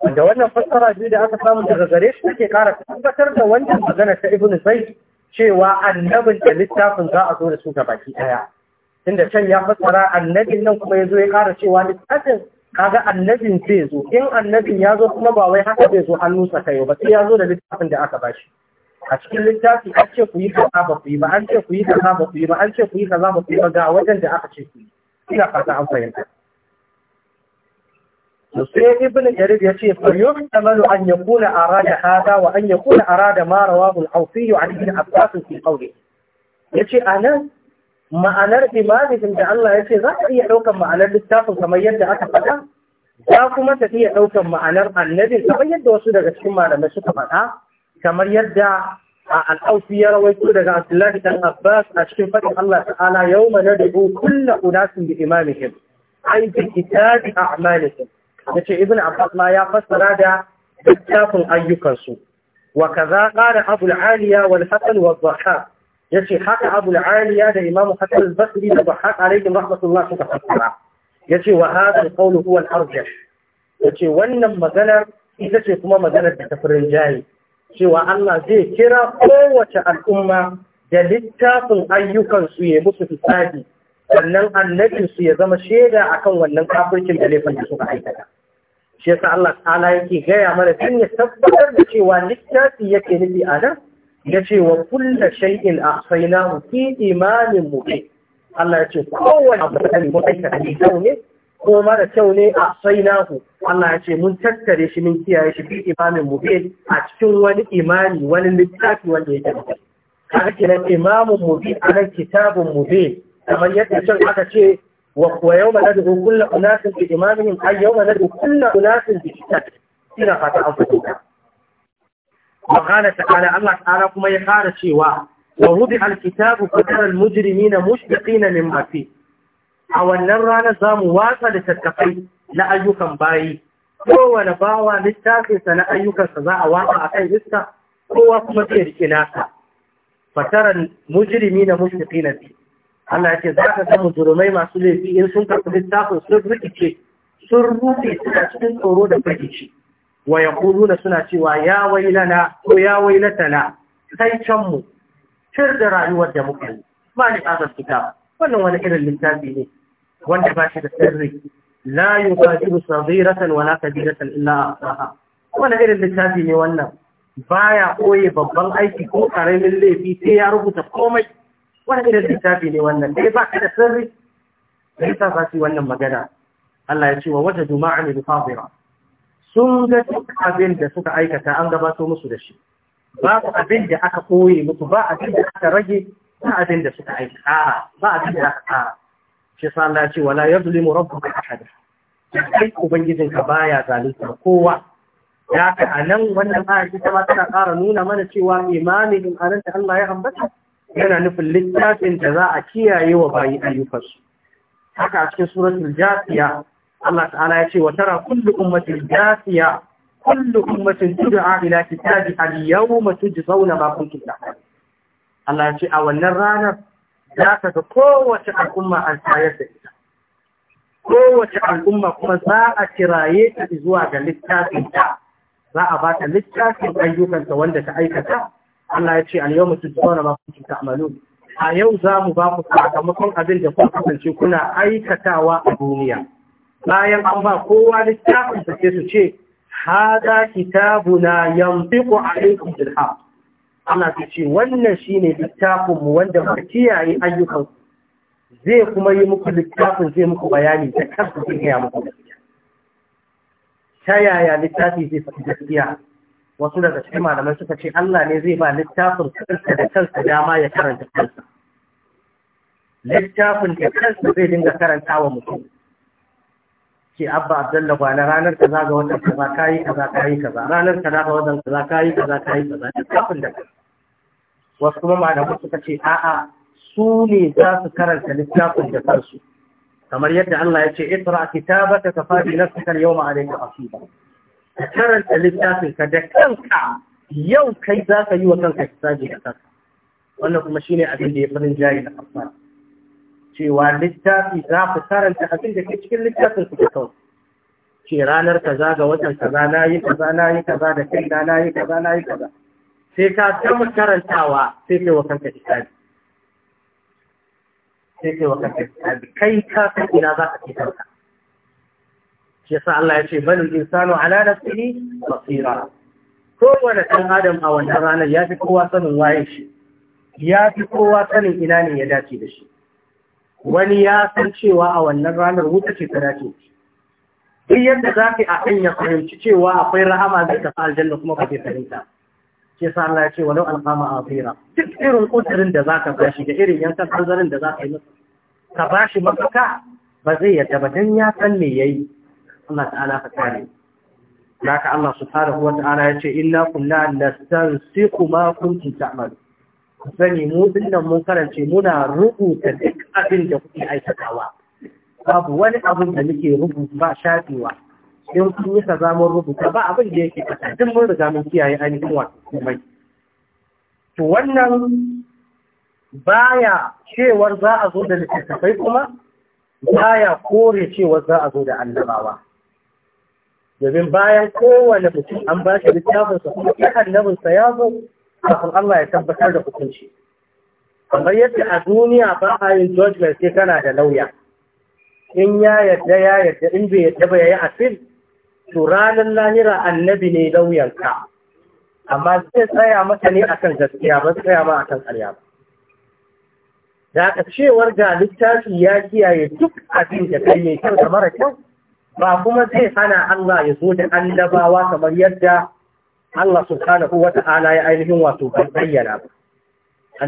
wanda wannan fassara biyu da aka samu daga gare shi take kara tabbatar da wannan magana ta ibnu zaid cewa annabin da littafin za a zo da su ga baki ɗaya tunda can ya fassara annabin nan kuma ya zo ya kara cewa littafin kaga annabin zai zo in annabin ya zo kuma ba wai haka zai zo hannu sa kai ba sai ya zo da littafin da aka ba shi. a cikin littafi an ce ku yi kaza ba ku yi ba an ce ku yi kaza ba ku yi ba an ce ku yi kaza ba ku yi ba ga wajen da aka ce ku yi ina fata an fahimta to sai ibn yarib ya ce fa yuhtamalu an yakuna arada hada wa an yakuna arada ma rawahu al-awfi an ibn abbas fi qawli yace anan ma'anar imamihim da Allah ya ce za ka iya ɗaukar ma'anar littafin kamar yadda aka faɗa za kuma ta iya ɗaukar ma'anar annabin kamar yadda wasu daga cikin malamai suka faɗa kamar yadda al'aufi ya rawaito daga Abdullahi dan Abbas a cikin faɗin Allah ta'ala yau mana da bu kulla unasin bi imamihim ai bi kitabi a'malihim yace ibn Abbas ma ya fassara da littafin ayyukansu wa kaza qala Abu al-Aliya wal Hasan wa Dhahhak yace haka Abu al-Aliya da Imam Hasan al-Basri da Dhahhak alaihim rahmatullah suka fassara yace wa hadha al-qawl huwa al-arjah yace wannan maganar ita ce kuma maganar da ta furin cewa Allah zai kira kowace al'umma da littafin ayyukansu ya musu fitsari sannan annabinsu ya zama shaida akan wannan kafircin da laifin da suka aikata shi yasa Allah ta'ala yake gaya mana tun ya tabbatar da cewa littafi yake nufi a nan ya ce wa kulla shay'in mu fi imanin ke? Allah ya ce kowace abu da mu aikata ne ko mara kyau ne a sainahu Allah ya ce mun tattare shi mun kiyaye shi bi imamin mubin a cikin wani imani wani littafi wanda yake da kaga kenan imamun mubin anan kitabun mubin kamar yadda can aka ce wa kuwa yau ma nad'u kullu unasin bi imamihim ay ma nad'u kullu unasin bi kitabihim ina fata an fahimta وقال تعالى الله تعالى كما يقال شيوا ووضع الكتاب فترى المجرمين mushfiqina mimma fihi a wannan ranar za mu watsa da tattafai na ayyukan bayi kowane bawa littafinsa na ayyukansa za a watsa a kan iska kowa kuma zai riƙe nasa fataran mujirimi na mushriki na fi Allah ce za ka samu mujurumai masu laifi in sun karɓi littafin sun rikice sun rufe suna cikin tsoro da fahimci. wa suna cewa ya wailana ko ya wailatana sai can mu fir da rayuwar da muka yi ba ni fita wannan wani irin littafi ne wanda ba shi da sirri la yubadiru saghiratan wala kabiratan illa ahsaha wani irin littafi ne wannan baya koye babban aiki ko karamin laifi sai ya rubuta komai wani irin littafi ne wannan dai ba shi da sirri sai sa wannan magana Allah ya ce wa wata juma'a ne fadira sun ga duk abin da suka aikata an gabato musu da shi babu abin da aka koye musu ba abin da aka rage ba abin da suka aikata ba abin da aka kara shi sa Allah ce wala yazlimu rabbuka ahada kai ubangijinka baya zalunta kowa ya ka anan wannan ayat ita ma tana ƙara nuna mana cewa imanin anan da Allah ya ambata yana nufin littafin da za a kiyaye wa bayi ayyukansu haka a cikin suratul jafiya Allah ta'ala ya ce wa tara kullu ummatin jafiya kullu ummatin tud'a ila kitabi al yawma tujzauna ma kuntum ta'malun Allah ya ce a wannan ranar za ka ga kowace al'umma an tayar da ita kowace al'umma kuma za a kiraye ta zuwa ga littafin ta za a ba ta littafin ayyukanta wanda ta aikata Allah ya ce al yawma tujzauna ma kuntum ta'malun a yau za mu ba ku sakamakon abin da kuma kasance kuna aikatawa a duniya bayan an ba kowa littafin da ce su ce hada kitabuna yanfiqu a aikin haqq Allah ta ce wannan shine littafin mu wanda ba kiyaye ayyukan zai kuma yi muku littafin zai muku bayani da kanku zai gaya muku gaskiya ta yaya littafi zai da gaskiya wasu daga cikin malamai suka ce Allah ne zai ba littafin kansa da kansa dama ya karanta kansa littafin da kansa zai dinga karanta wa mutum ce abba abdalla kwana ranar za ga watan kaza kayi kaza kayi kaza ranar kaza ga watan kaza kayi kaza kayi kaza littafin da kansa wasu kuma malamu suka ce a'a su ne za su karanta littafin da kansu kamar yadda Allah ya ce itra kitabaka ka fadi nafsika yawma alayka asiba ka karanta littafin ka da kanka yau kai za ka yi wa kanka hisabi da kanka wannan kuma shine abin da ya farin jari da kafara cewa littafi za ku karanta abin da ke cikin littafin ku da kanku ce ranar kaza ga watan kaza nayi kaza nayi kaza da kai na yi kaza nayi kaza sai ka gama karantawa sai kai wa kanka hisabi sai kai wa kanka hisabi kai ka san ina za ka ce ka. shi yasa Allah ya ce bal insanu ala nafsihi basira kowane ɗan adam a wannan ranar ya fi kowa sanin waye shi ya fi kowa sanin ina ne ya dace da shi wani ya san cewa a wannan ranar wuta ce ta dace shi duk yadda za ka yi a kan ya fahimci cewa akwai rahama zai tafi aljanna kuma ka fahimta shi sa ce wa ce walau alqama afira duk irin kudirin da zaka bashi da irin yankan hanzarin da zaka yi masa ka bashi mafaka ba zai yadda ba dan ya san me yayi Allah ta'ala ka kare haka Allah subhanahu wa ta'ala ya ce inna kunna nastansiqu ma kuntum ta'malu sani mu dinnan mun karance muna rubuta duk abin da kuke aikatawa babu wani abin da muke rubuta ba shafewa in sun yi rubuta ba abin da yake kasa duk mun riga mun kiyaye ainihin wasu, komai to wannan baya cewar za a zo da littattafai kuma baya kore cewar za a zo da annabawa domin bayan kowane mutum an ba shi littafinsa kuma sai annabinsa ya zo kafin Allah ya tabbatar da hukunci kamar yadda a duniya ba a yin judgment sai kana da lauya in ya yadda ya yadda in bai yadda ba ya yi fil to ranar lahira annabi ne lauyanka amma zai tsaya masa ne akan gaskiya ba tsaya ma akan karya ba da aka cewar ga littafi ya kiyaye duk abin da kai mai kyau da mara kyau ba kuma zai hana Allah ya zo da annabawa kamar yadda Allah subhanahu wa ta'ala ya ainihin wato bai bayyana ba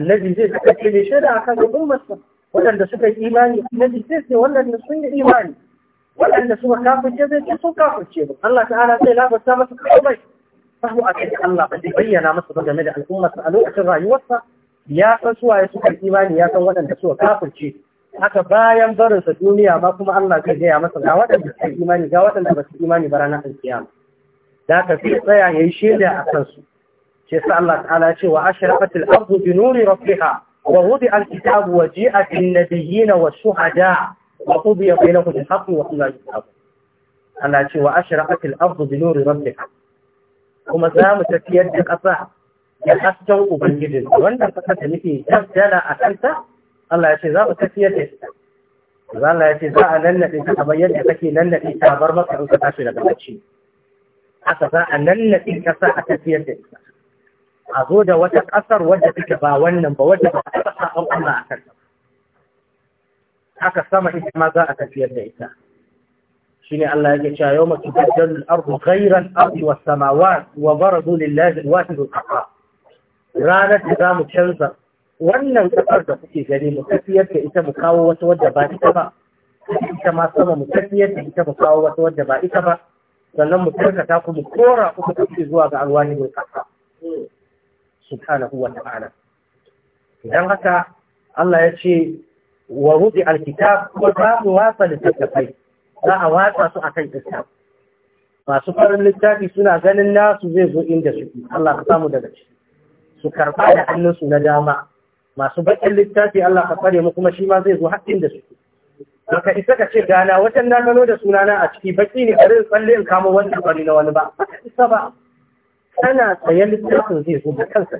annabi zai saka cire da akan gaban masa waɗanda suka yi imani annabi zai ce da sun yi imani waɗanda suka kafirce zai ce sun kafirce ba Allah ta'ala zai labarta masa komai samu a cikin Allah ba zai bayyana masa ba game da al'ummarsa a lokacin rayuwarsa ya san ya suka imani ya san waɗanda suka kafirce haka bayan barinsa duniya ma kuma Allah zai gaya masa ga waɗanda suka imani ga waɗanda ba su imani ba ranar alkiyama da ka fi tsaya ya yi shaida a kansu shi sa Allah ta'ala ce wa ashrafatil ardu bi nuri rabbiha wa wudi alkitabu wa ji'at an-nabiyyin wa shuhada wa qudiya bainahum bil haqqi wa qila yuhaq Allah ce wa ashraqat al ardu bi nuri kuma za mu tafiyar da ƙasa da hasken ubangijin wannan ƙasar da muke tattala a kanta Allah ya ce za mu tafiyar da ita za Allah ya ce za a nannaɗe ta kamar yadda kake nannaɗe ta bar in ka daga za a ƙasa a tafiyar da a zo da wata ƙasar wadda ba wannan ba wadda ba a a haka sama ita ma za a tafiyar da ita shine Allah yake cewa yawma tubaddalu al-ardu ghayra al-ardi was-samawati wa baradu lillahi al-wahid ranar da zamu canza wannan kasar da kuke gani mu tafiyar da ita mu kawo wata wadda ba ita ba ita ma sama mu tafiyar da ita mu kawo wata wadda ba ita ba sannan mu tarkata ku mu kora ku ku tafi zuwa ga alwani mai kasa subhanahu wa ta'ala idan haka Allah ya ce wa rubi alkitab kuma ba mu watsa littattafai za a watsa su akan iska masu farin littafi suna ganin nasu zai zo inda suke Allah ka samu daga ciki su karba da hannunsu na dama masu bakin littafi Allah ka tsare mu kuma shi ma zai zo har inda suke baka isa ka ce gana wajen na gano da sunana a ciki baki ne bari tsalle in kamo wani bari na wani ba baka isa ba tana tsaye littafin zai zo da kansa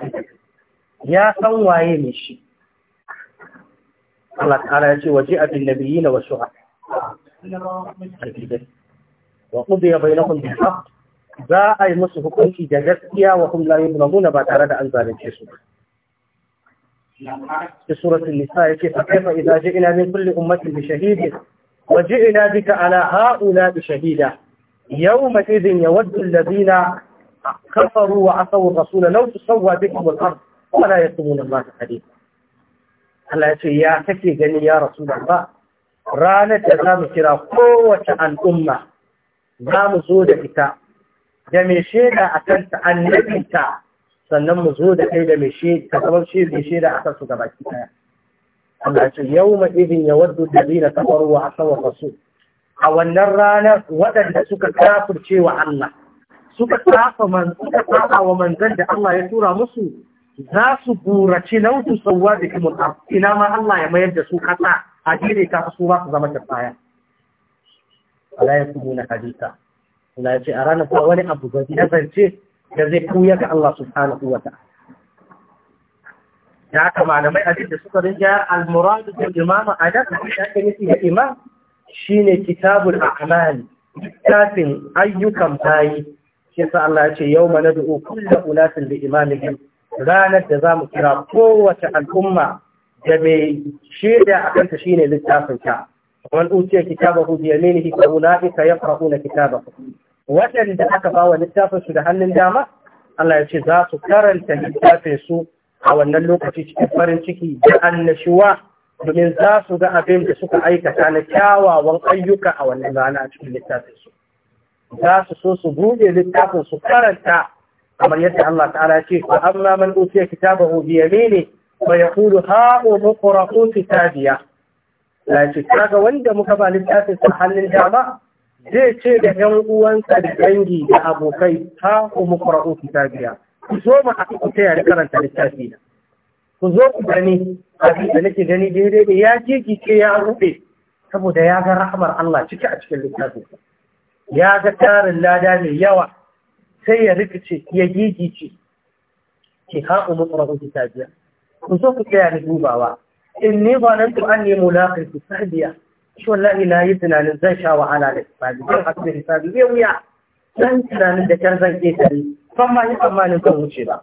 ya san waye ne shi الله تعالى وجاء بالنبيين والشهداء وقضي بينهم بالحق باء المسلمون في جزاكيا وهم لا يظلمون بعد أن انزال الجسور في سورة النساء كيف كيف إذا جئنا من كل أمة بشهيد وجئنا بك على هؤلاء شهيدا يومئذ يود الذين كفروا وعصوا الرسول لو تسوى بهم الأرض ولا يكتمون الله الحديث Allah ya ce ya kake gani ya rasu ba? ranar da za mu kira kowace al'umma za mu zo da ita da mai shaida a kanta annabinta sannan mu zo da kai da mai shaida kamar shi mai shaida a kansu gaba ki daya Allah ya ce yau yawma idin yawaddu alladhina kafaru wa asaw rasul a wannan ranar waɗanda suka kafirce wa Allah suka kafa wa manzan da Allah ya tura musu za su buraci lautu sauwa da kimun ina ma Allah ya mayar da su kasa a jere ka su ba su zama da tsaya. Allah ya kuma na hadita Allah ya ce a ranar kuwa wani abu zai zance da zai kuya ga Allah subhanahu na ta'ala ya haka malamai a da suka rinja al-muradu da imama a da ya ke nufi da imam ne kitabul a'mal littafin ayyukan bayi shi sa Allah ya ce yau mana du'u kullu ulatin da imamin ranar da za mu kira kowace al'umma da mai shaida a kanta shi ne littafinta wani uciya kitaba hu biya mini hika ula'ika ya faru na kitaba da aka ba wa su da hannun dama Allah ya ce za su karanta su a wannan lokaci cikin farin ciki da annashuwa domin za su ga abin da suka aikata na kyawawan ayyuka a wannan rana a cikin littafinsu za su so su buɗe su karanta kamar yadda Allah ta'ala ce wa amma man utiya kitabahu bi yamini wa yaqulu ha umqra'u kitabiya la ce kaga wanda muka ba littafin sa hannun dama zai ce da yan uwansa da dangi da abokai ha umqra'u kitabiya ku zo mu a ku tayar karanta littafi ku zo ku gani abin da nake gani daidai da ya gigice ya rube saboda ya ga rahmar Allah cike a cikin littafin ya ga tarin lada mai yawa sai ya rikice ya gigice ke haɗu mutsara kitabiya ku zo ku tsaya da dubawa in ne ba nan to an nemo lafi kitabiya shi wallahi na yi tunanin zan sha wahala da kitabi zan haɗu da kitabi zai wuya zan tunanin da can zan ƙetare ban ma yi tsammanin zan wuce ba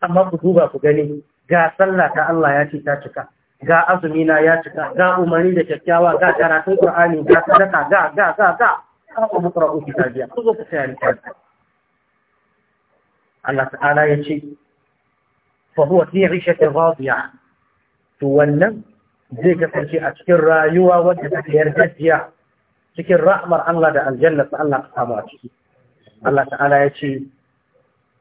amma ku duba ku gani ga sallah ta Allah ya ce ta cika ga azumi na ya cika ga umarni da kyakkyawa ga karatun Qur'ani ga sadaka ga ga ga ga ka ku mutsara kitabiya ku zo ku tsaya da kitabi Allah ta'ala ya ce Fahuwa fi rishe ta radiya to wannan zai kasance a cikin rayuwa wadda take jiya, cikin ra'amar Allah da aljanna ta Allah ta samu a ciki Allah ta'ala ya ce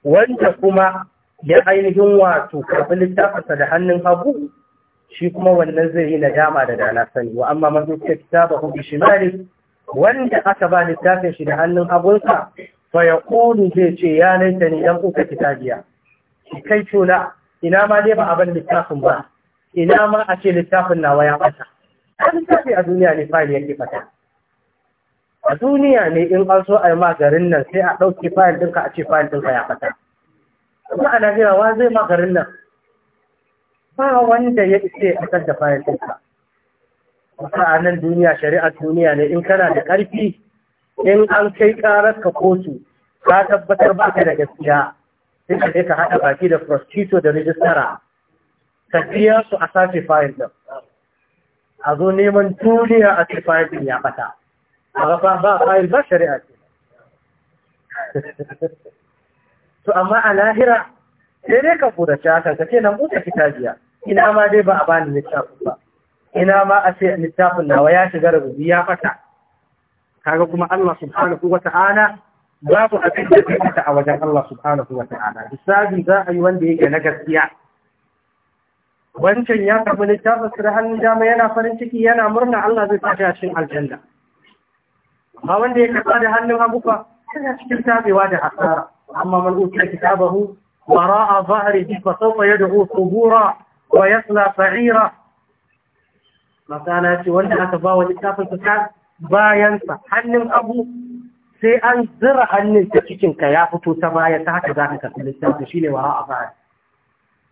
wanda kuma ya ainihin wato karfi littafinsa da hannun hagu shi kuma wannan zai yi nadama da dana sani wa amma man ta kitaba hu shimali wanda aka ba littafin shi da hannun hagunsa fa ya zai ce ya laita ne ɗan uka kitabiya kai tuna ina ma ne ba abin littafin ba ina ma a ce littafin nawa ya fata a littafi a duniya ne fayil yake fata a duniya ne in an so a yi magarin nan sai a ɗauki fayil ɗinka a ce fayil ɗinka ya fata kuma a najeriya wa zai magarin nan ba wanda ya ce a kan da fayil ɗinka a nan duniya shari'ar duniya ne in kana da ƙarfi in an kai karar ka kotu ka tabbatar ba ka da gaskiya sai ka je ka haɗa baki da prosecutor da registrar ka biya su a sace fayil din a zo neman duniya a ce fayil din ya bata a gaba ba fayil ba shari'a ce to amma a lahira sai dai ka ci hakan ka ce nan buɗe kitabiya ina ma dai ba a bani littafin ba ina ma a ce littafin nawa ya shiga rububi ya fata kaga kuma Allah subhanahu wa ta'ala babu abin da zai fita a wajen Allah subhanahu wa ta'ala za a yi wanda yake na gaskiya wancan ya tafi littafin su da hannun dama yana farin ciki yana murna Allah zai tafi a cikin aljanna amma wanda ya karɓa da hannun hagu fa yana cikin tabewa da hasara amma man utiya kitabahu wara'a zahrihi fa sawfa yad'u subura wa yasla sa'ira masana ce wanda aka ba wa littafin sa bayansa hannun abu sai an zira hannun ta cikinka ya fito ta baya ta haka za ka tafi littafi shi ne wa a baya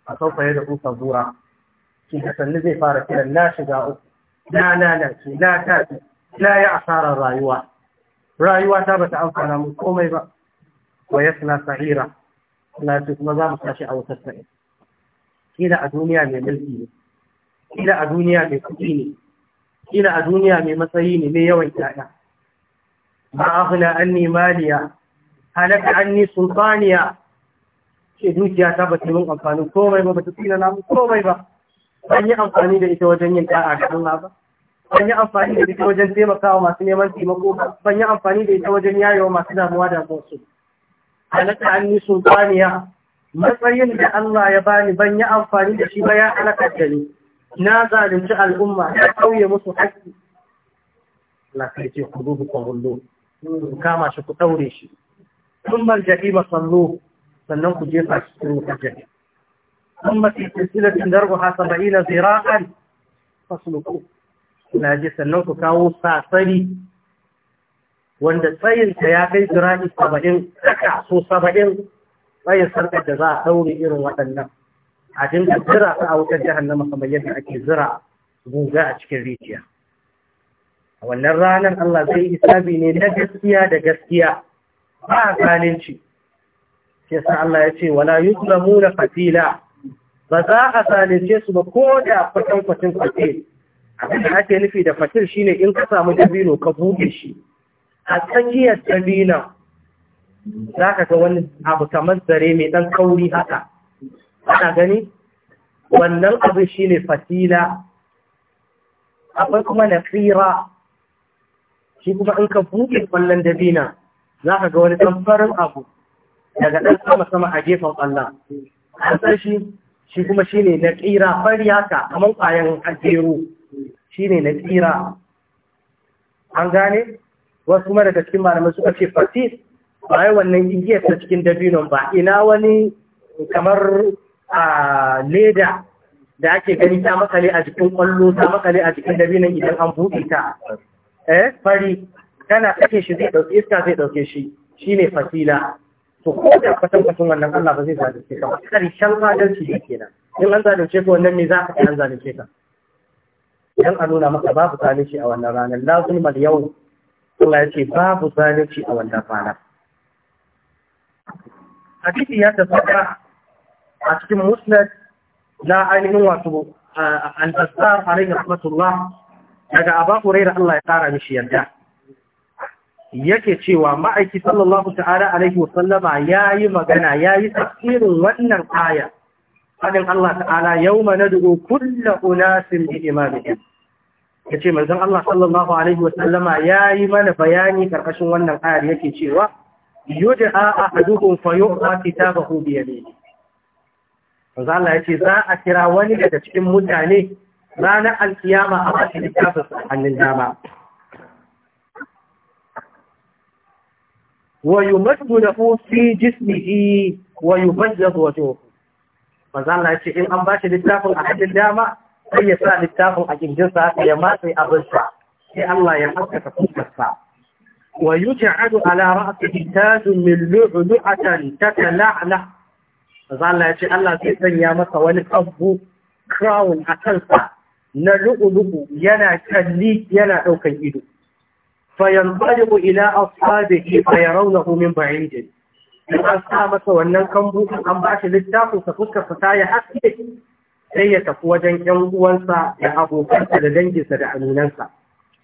a sauka ya da kusa zura shi da sannu zai fara kiran na shiga uku na lalace na tafi na yi asarar rayuwa rayuwa ta bata amfana mu komai ba wa suna sa'ira na ce kuma za mu tashi a wutar sa'ira kila a duniya mai mulki ne kila a duniya mai kuɗi ne kila a duniya mai matsayi ne mai yawan kyaya hula an anni maliya halaka ni sultaniya ce dukiya ta ba ta min amfani komai ba ba ta tsina namun komai ba an yi amfani da ita wajen yin da'a ga Allah ba ban yi amfani da ita wajen taimakawa masu neman taimako ba ban yi amfani da ita wajen yayewa masu damuwa da su halaka anni sultaniya matsayin da Allah ya bani ban yi amfani da shi ba ya halakar da ni na zalunci al'umma ya kauye musu haƙƙi la kai ce ku duhu ku hullu kama shi ku ɗaure shi kun mal ba sallu sannan ku jefa shi cikin wutar jahim kun mafi silsilatin darbuha ila zira'an fasluku na je sannan ku kawo sasari wanda tsayinta ya kai zira'i saba'in tsaka so saba'in tsayin sarkar da za a ɗaure irin waɗannan a dinga zira a wutar jahannama kamar yadda ake zira guga a cikin rijiya a wannan ranar Allah zai hisabi ne na gaskiya da gaskiya ba zalunci shi yasa Allah ya ce wala yuzlamuna fatila ba za a zalunce su ba ko da fatan fatin fatil abin da ake nufi da fatil shine in ka samu dabino ka buge shi a tsakiyar dabino za ka ga wani abu kamar zare mai ɗan kauri haka ana gani wannan abin shi ne fatila akwai kuma nasira shi kuma in ka buɗe kwallon dabina za ka ga wani samfarin abu daga ɗan sama sama a gefen Allah A san shi shi kuma shi ne na tsira fari haka man ƙwayan ajeru shi ne na tsira an gane wasu kuma daga cikin malamai suka ce fatis bayan wannan igiyar ta cikin dabinon ba ina wani kamar a leda da ake gani ta makale a jikin kwallo ta makale a jikin dabinan idan an buɗe ta eh fari tana take shi zai dauke iska zai dauke shi shine fasila to ko da kwatan kwatan wannan Allah ba zai zalunce ka karshen adalci ne kenan in an zalunce ka wannan me za ka an zalunce ka idan a nuna maka babu zalunci a wannan ranar la zulmal yau Allah ya ce babu zalunci a wannan ranar hadisi ya tabbata a cikin musnad na ainihin wato al-Bazzar alaihi rahmatullah daga Abu da Allah ya kara mishi yarda yake cewa ma'aiki sallallahu ta'ala alaihi wasallama yayi magana yayi tafsirin wannan aya fadin Allah ta'ala yawma nad'u kullu unasin bi imamihim yace manzon Allah sallallahu alaihi wasallama yayi mana bayani karkashin wannan ayar yake cewa yud'a ahadukum fayu'ta kitabahu bi yaminihi manzo Allah ya ce za a kira wani daga cikin mutane ranar alkiyama a bashi littafin a hannun dama wa yumaddu lahu fi jismihi wa yubayyadu wato? manzo Allah ya ce in an bashi littafin a hannun dama sai ya sa littafin a kirjinsa ya matse abin sa sai Allah ya haskaka fuskarsa ويجعل على رأسه تاج من لؤلؤة تتلعلع Allah ya ce Allah zai sanya masa wani abu crown a kansa na lu'ulu'u yana kalli yana ɗaukan ido ina ke ila na homin bayan jin. in an sa masa wannan kambu an ba shi littafin sa fuskar sa ta haske sai ya tafi wajen ƴan uwansa da abokansa da danginsa da aminansa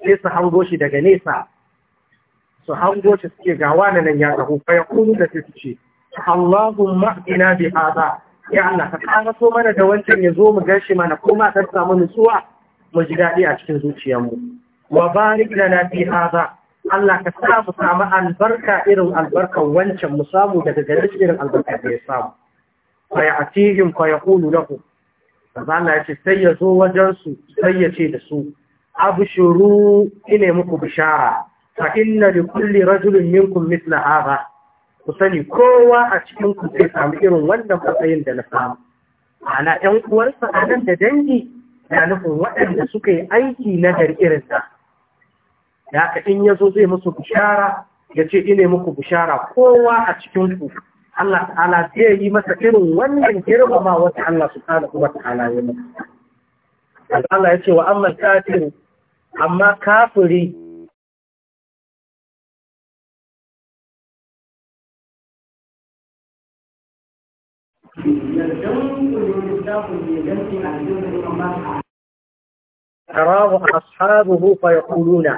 sai su hango shi daga nesa su hango shi suke gawa wani nan ya taho fa ya kunu da su ce Allahumma ina bi hada ya Allah ka ƙara so mana da wancan ya zo mu gashi mana kuma ta samu nutsuwa mu ji daɗi a cikin zuciyarmu wa barik lana fi hada Allah ka sa mu samu albarka irin albarkan wancan mu samu daga gare irin albarka da ya samu fa ya'tihim fa yaqulu lahu Allah ya ce sai ya zo wajen su sai ya ce da su abshuru ine muku bishara fa inna li kulli rajulin minkum mithla hadha ku sani kowa a cikin ku zai samu irin wannan matsayin da na samu ana ƴan uwarsa a nan da dangi na nufin waɗanda suka yi aiki na gari irin ta ya ka in ya zo zai musu bishara ya ce ine muku bishara kowa a cikin ku Allah ta'ala zai yi masa irin wannan girmama wata Allah subhanahu kuma ta'ala ya masa Allah ya ce wa amma amma kafiri تراه أصحابه فيقولون في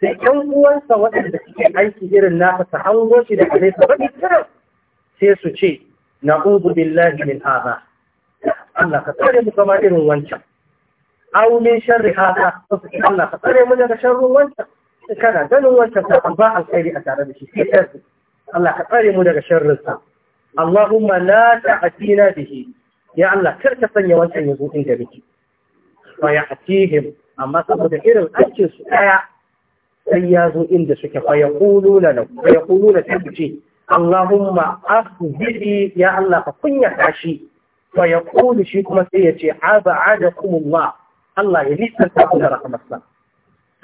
سيكون هو سواء أي كثير الله تحوّل إلى حديث بني سيسو شيء نعوذ بالله من هذا الله كتاري مكمائر وانشا أو من شر هذا الله كتاري من شر وانشا كان دنو وانشا تقبع الخير أتعرض الشيء الله كتاري من شر الله Allahumma la ta'tina bihi ya Allah kar ka sanya wancan ya zo inda muke fa ya atihim amma saboda irin aikin su daya sai ya zo inda suke fa yaquluna la fa yaquluna tabuci Allahumma akhzili ya Allah ka kunya kashi fa yaqulu shi kuma sai ya ce aba'adakumullah Allah ya nisanta ta da rahmatsa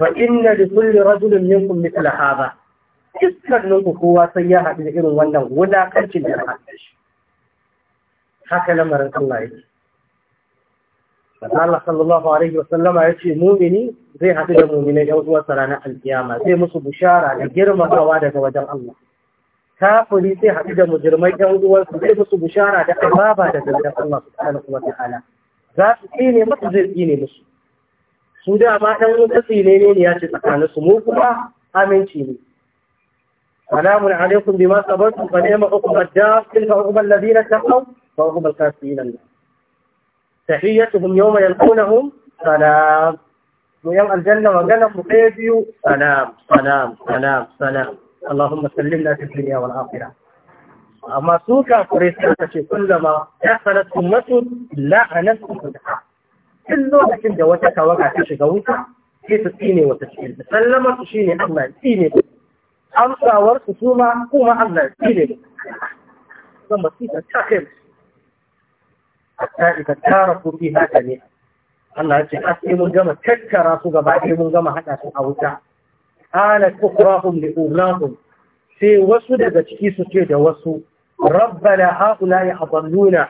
fa inna li kulli rajulin minkum mithla hadha iskar ku kowa sai ya haɗu da irin wannan wulaƙancin da haɗu da shi haka lamarin Allah ya ce. Allah sallallahu alaihi wa sallama ya ce mumini zai haɗu da muminai ɗan uwarsa ranar alƙiyama zai musu bishara da girmamawa daga wajen Allah kafiri sai haɗu da mujirmai ɗan uwansu zai musu bishara da ababa da zargin Allah subhanahu wa ta'ala za su tsine masu zai tsine musu su dama ɗan wata tsine ne ya ce tsakaninsu mu kuma aminci ne سلام عليكم بما صبرتم فنعم عقب الدار تلك عقب الذين اتقوا وعقب الكافرين تحيتهم يوم يلقونهم سلام ويوم الجنة وقلم مقيدي سلام سلام سلام سلام اللهم سلمنا في الدنيا والآخرة أما سوكا فريسة كلما دخلت أمة لعنتهم فتحة كل جواتك وقعت وقع تشغوتها كيف تسيني وتسكيني سلمت شيني أما تسيني amsawar su kuma kuma Allah shi ne zan masifar ta kai Ta tara su fi haka ne Allah ya ce aske mun gama tattara su gaba ɗaya mun gama haɗa su a wuta qalat ukhrahum li sai wasu daga ciki su ce da wasu rabbana haula ya adalluna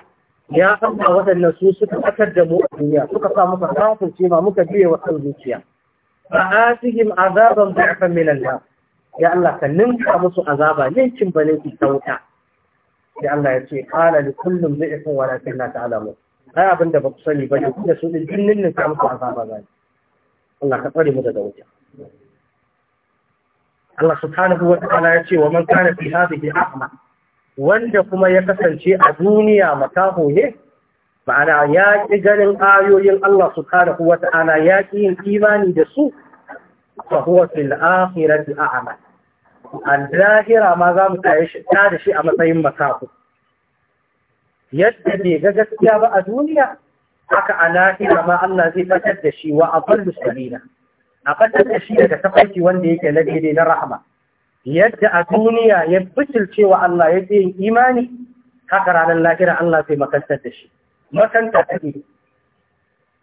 ya Allah waɗannan su suka fatar da mu a duniya suka sa muka ce ma muka biye wa zuciya A asihim azaban da'fan min an ya Allah ka ninka musu azaba yankin ba ninki su wuta ya Allah ya ce qala da kullum zai bi'fun wa na ta'ala mu ai abinda ba ku sani ba ne da su din jinnin nan ka musu azaba ba Allah ka tsare mu daga wuta Allah subhanahu wa ta'ala ya ce wa man kana fi hadhihi a'ma wanda kuma ya kasance a duniya makaho ne Ba ana yaƙi ganin ayoyin Allah subhanahu wa ta'ala yaƙi yin imani da su ma za mu kai shi. Ta da shi a matsayin أما Yadda مكافو ga gaskiya ba a duniya? haka a lahira ma Allah zai fatar da shi wa aqallu sabila a fatar da shi daga tafarki wanda yake na daidai na rahama yadda a duniya ya fitilce wa Allah ya yin imani haka ranar lahira Allah zai makantar da shi makanta ta ido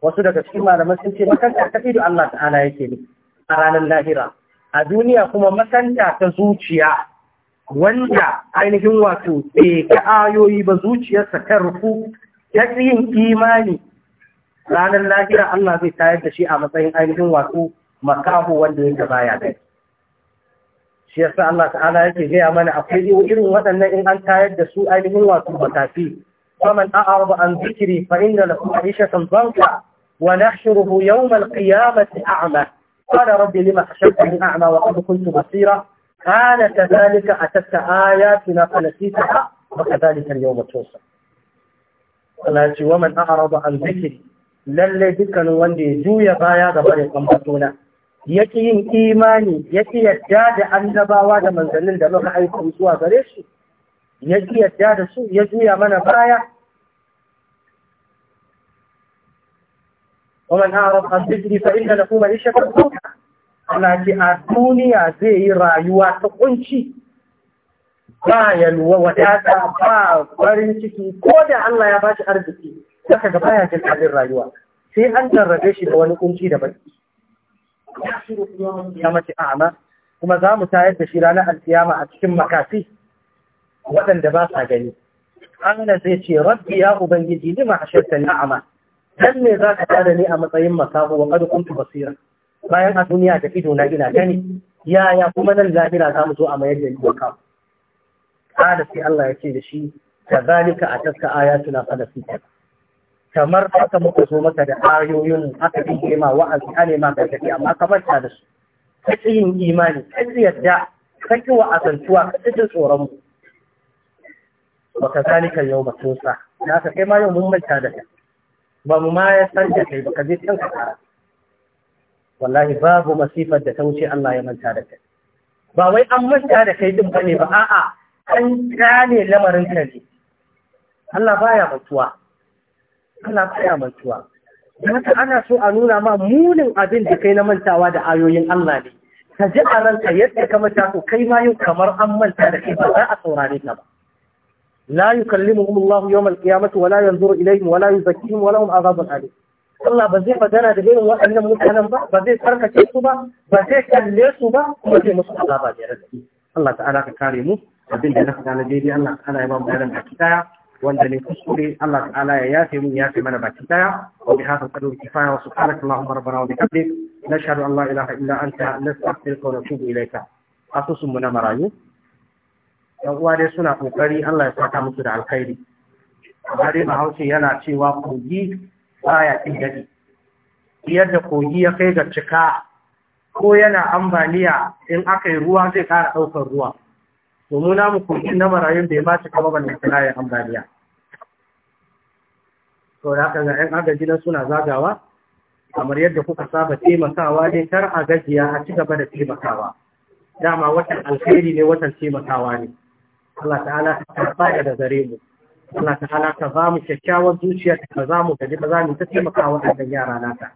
wasu daga cikin malaman sun ce makanta ta ido Allah ta'ala yake ne a ranar lahira a duniya kuma masanta ta zuciya wanda ainihin wato bai ga ayoyi ba zuciyarsa ta rufu ta yin imani ranar lahira Allah zai tayar da shi a matsayin ainihin wato makaho wanda yake baya gani shi yasa Allah ta'ala yake gaya mana akwai irin waɗannan in an tayar da su ainihin wato makafi faman a'arba an zikiri fa inna lahu ma'ishatan banka wa nahshuruhu yawmal a'ma قال ربي لما حشرتني أعمى وقد كنت بصيرا قال a أتت آياتنا فنسيتها وكذلك اليوم توصى Allah ce wa man a'rada an zikiri. Lallai, dukkanin wanda ya juya baya ga bare ambatona yaki yin imani yaki yarda da annabawa da manzanin da muka aika zuwa gare shi yaki yarda da su ya juya mana baya ومن أعرض عن ذكري فإن له معيشة ضنكا Allah ce a duniya zai yi rayuwa ta kunci ba yalwa wadata ba farin ciki ko da Allah ya ba shi arziki saka ga baya jin daɗin rayuwa sai an jarrabe shi da wani kunci da baki ya mace a'ama kuma za mu tayar da shi ranar alkiyama a cikin makafi waɗanda ba sa gani ana zai ce rabbi ya ubangiji lima ashirta ni'ama dan ne za ka tada ni a matsayin masahu wa qad kuntu basira bayan a duniya da ido na ina gani yaya kuma nan lahira za mu zo a mayar da ni ka kada sai Allah ya ce da shi kazalika na ayatuna fi kamar aka muka zo maka da ayoyin aka dinke ma a ane ma gargaɗi amma ka barta da su ka yin imani ka yarda ka ki wa'azantuwa ka jin tsoron mu wa kazalika ba tusa na ka kai ma yau mun manta da kai ba mu ma ya san da kai ba ka je can ka fara wallahi babu masifar da ta wuce Allah ya manta da kai ba wai an manta da kai din bane ba a'a an gane lamarin ka ne Allah baya mutuwa Allah baya mutuwa haka ana so a nuna ma munin abin da kai na mantawa da ayoyin Allah ne ka ji a ranka yadda ka mata ko kai ma yau kamar an manta da kai ba za a saurare ka ba la yukallimuhum Allah yawm al-qiyamah wa la yanzuru ilayhim wa la yuzakkihim wa lahum azabun alim Allah ba zai magana da irin waɗannan mutanen ba ba zai tsarkake su ba ba zai kalle su ba kuma zai musu azaba da yarda Allah ta'ala ka kare mu abin da na faɗa na daidai Allah ta'ala ya ba mu yaran baki daya wanda ne kuskure Allah ta'ala ya yafe mun yafe mana baki daya wa bi haka kadu kifaya wa subhanaka allahumma rabbana wa bihamdik nashhadu an la ilaha illa anta nastaghfiruka wa natubu ilayka asusun mu na marayu yan uwa dai suna kokari Allah ya saka musu da alkhairi amma dai hausa yana cewa kogi baya ɗin daɗi. yadda kogi ya kai ga cika ko yana ambaliya in aka yi ruwa zai kara ɗaukar ruwa domin namu kogin na marayun bai ma cika ba ban kana yin ambaliya to da haka ga yan agaji na suna zagawa kamar yadda kuka saba taimakawa dai kar a gajiya a ci gaba da taimakawa dama watan alkhairi ne watan taimakawa ne Allah ta'ala ta karɓa da da zare mu Allah ta'ala ka ba mu kyakkyawar zuciya ka za mu gaji ba za mu ta taimaka wa waɗannan yara nata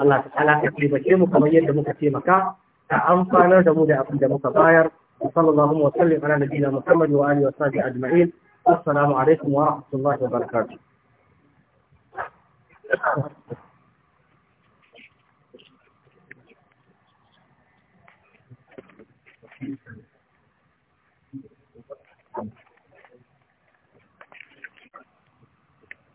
Allah ta'ala ka taimake mu kamar yadda muka taimaka ta amfanar da mu da abin da muka bayar وصلى اللهم وسلم على نبينا محمد وآله وصحبه أجمعين السلام عليكم ورحمة الله وبركاته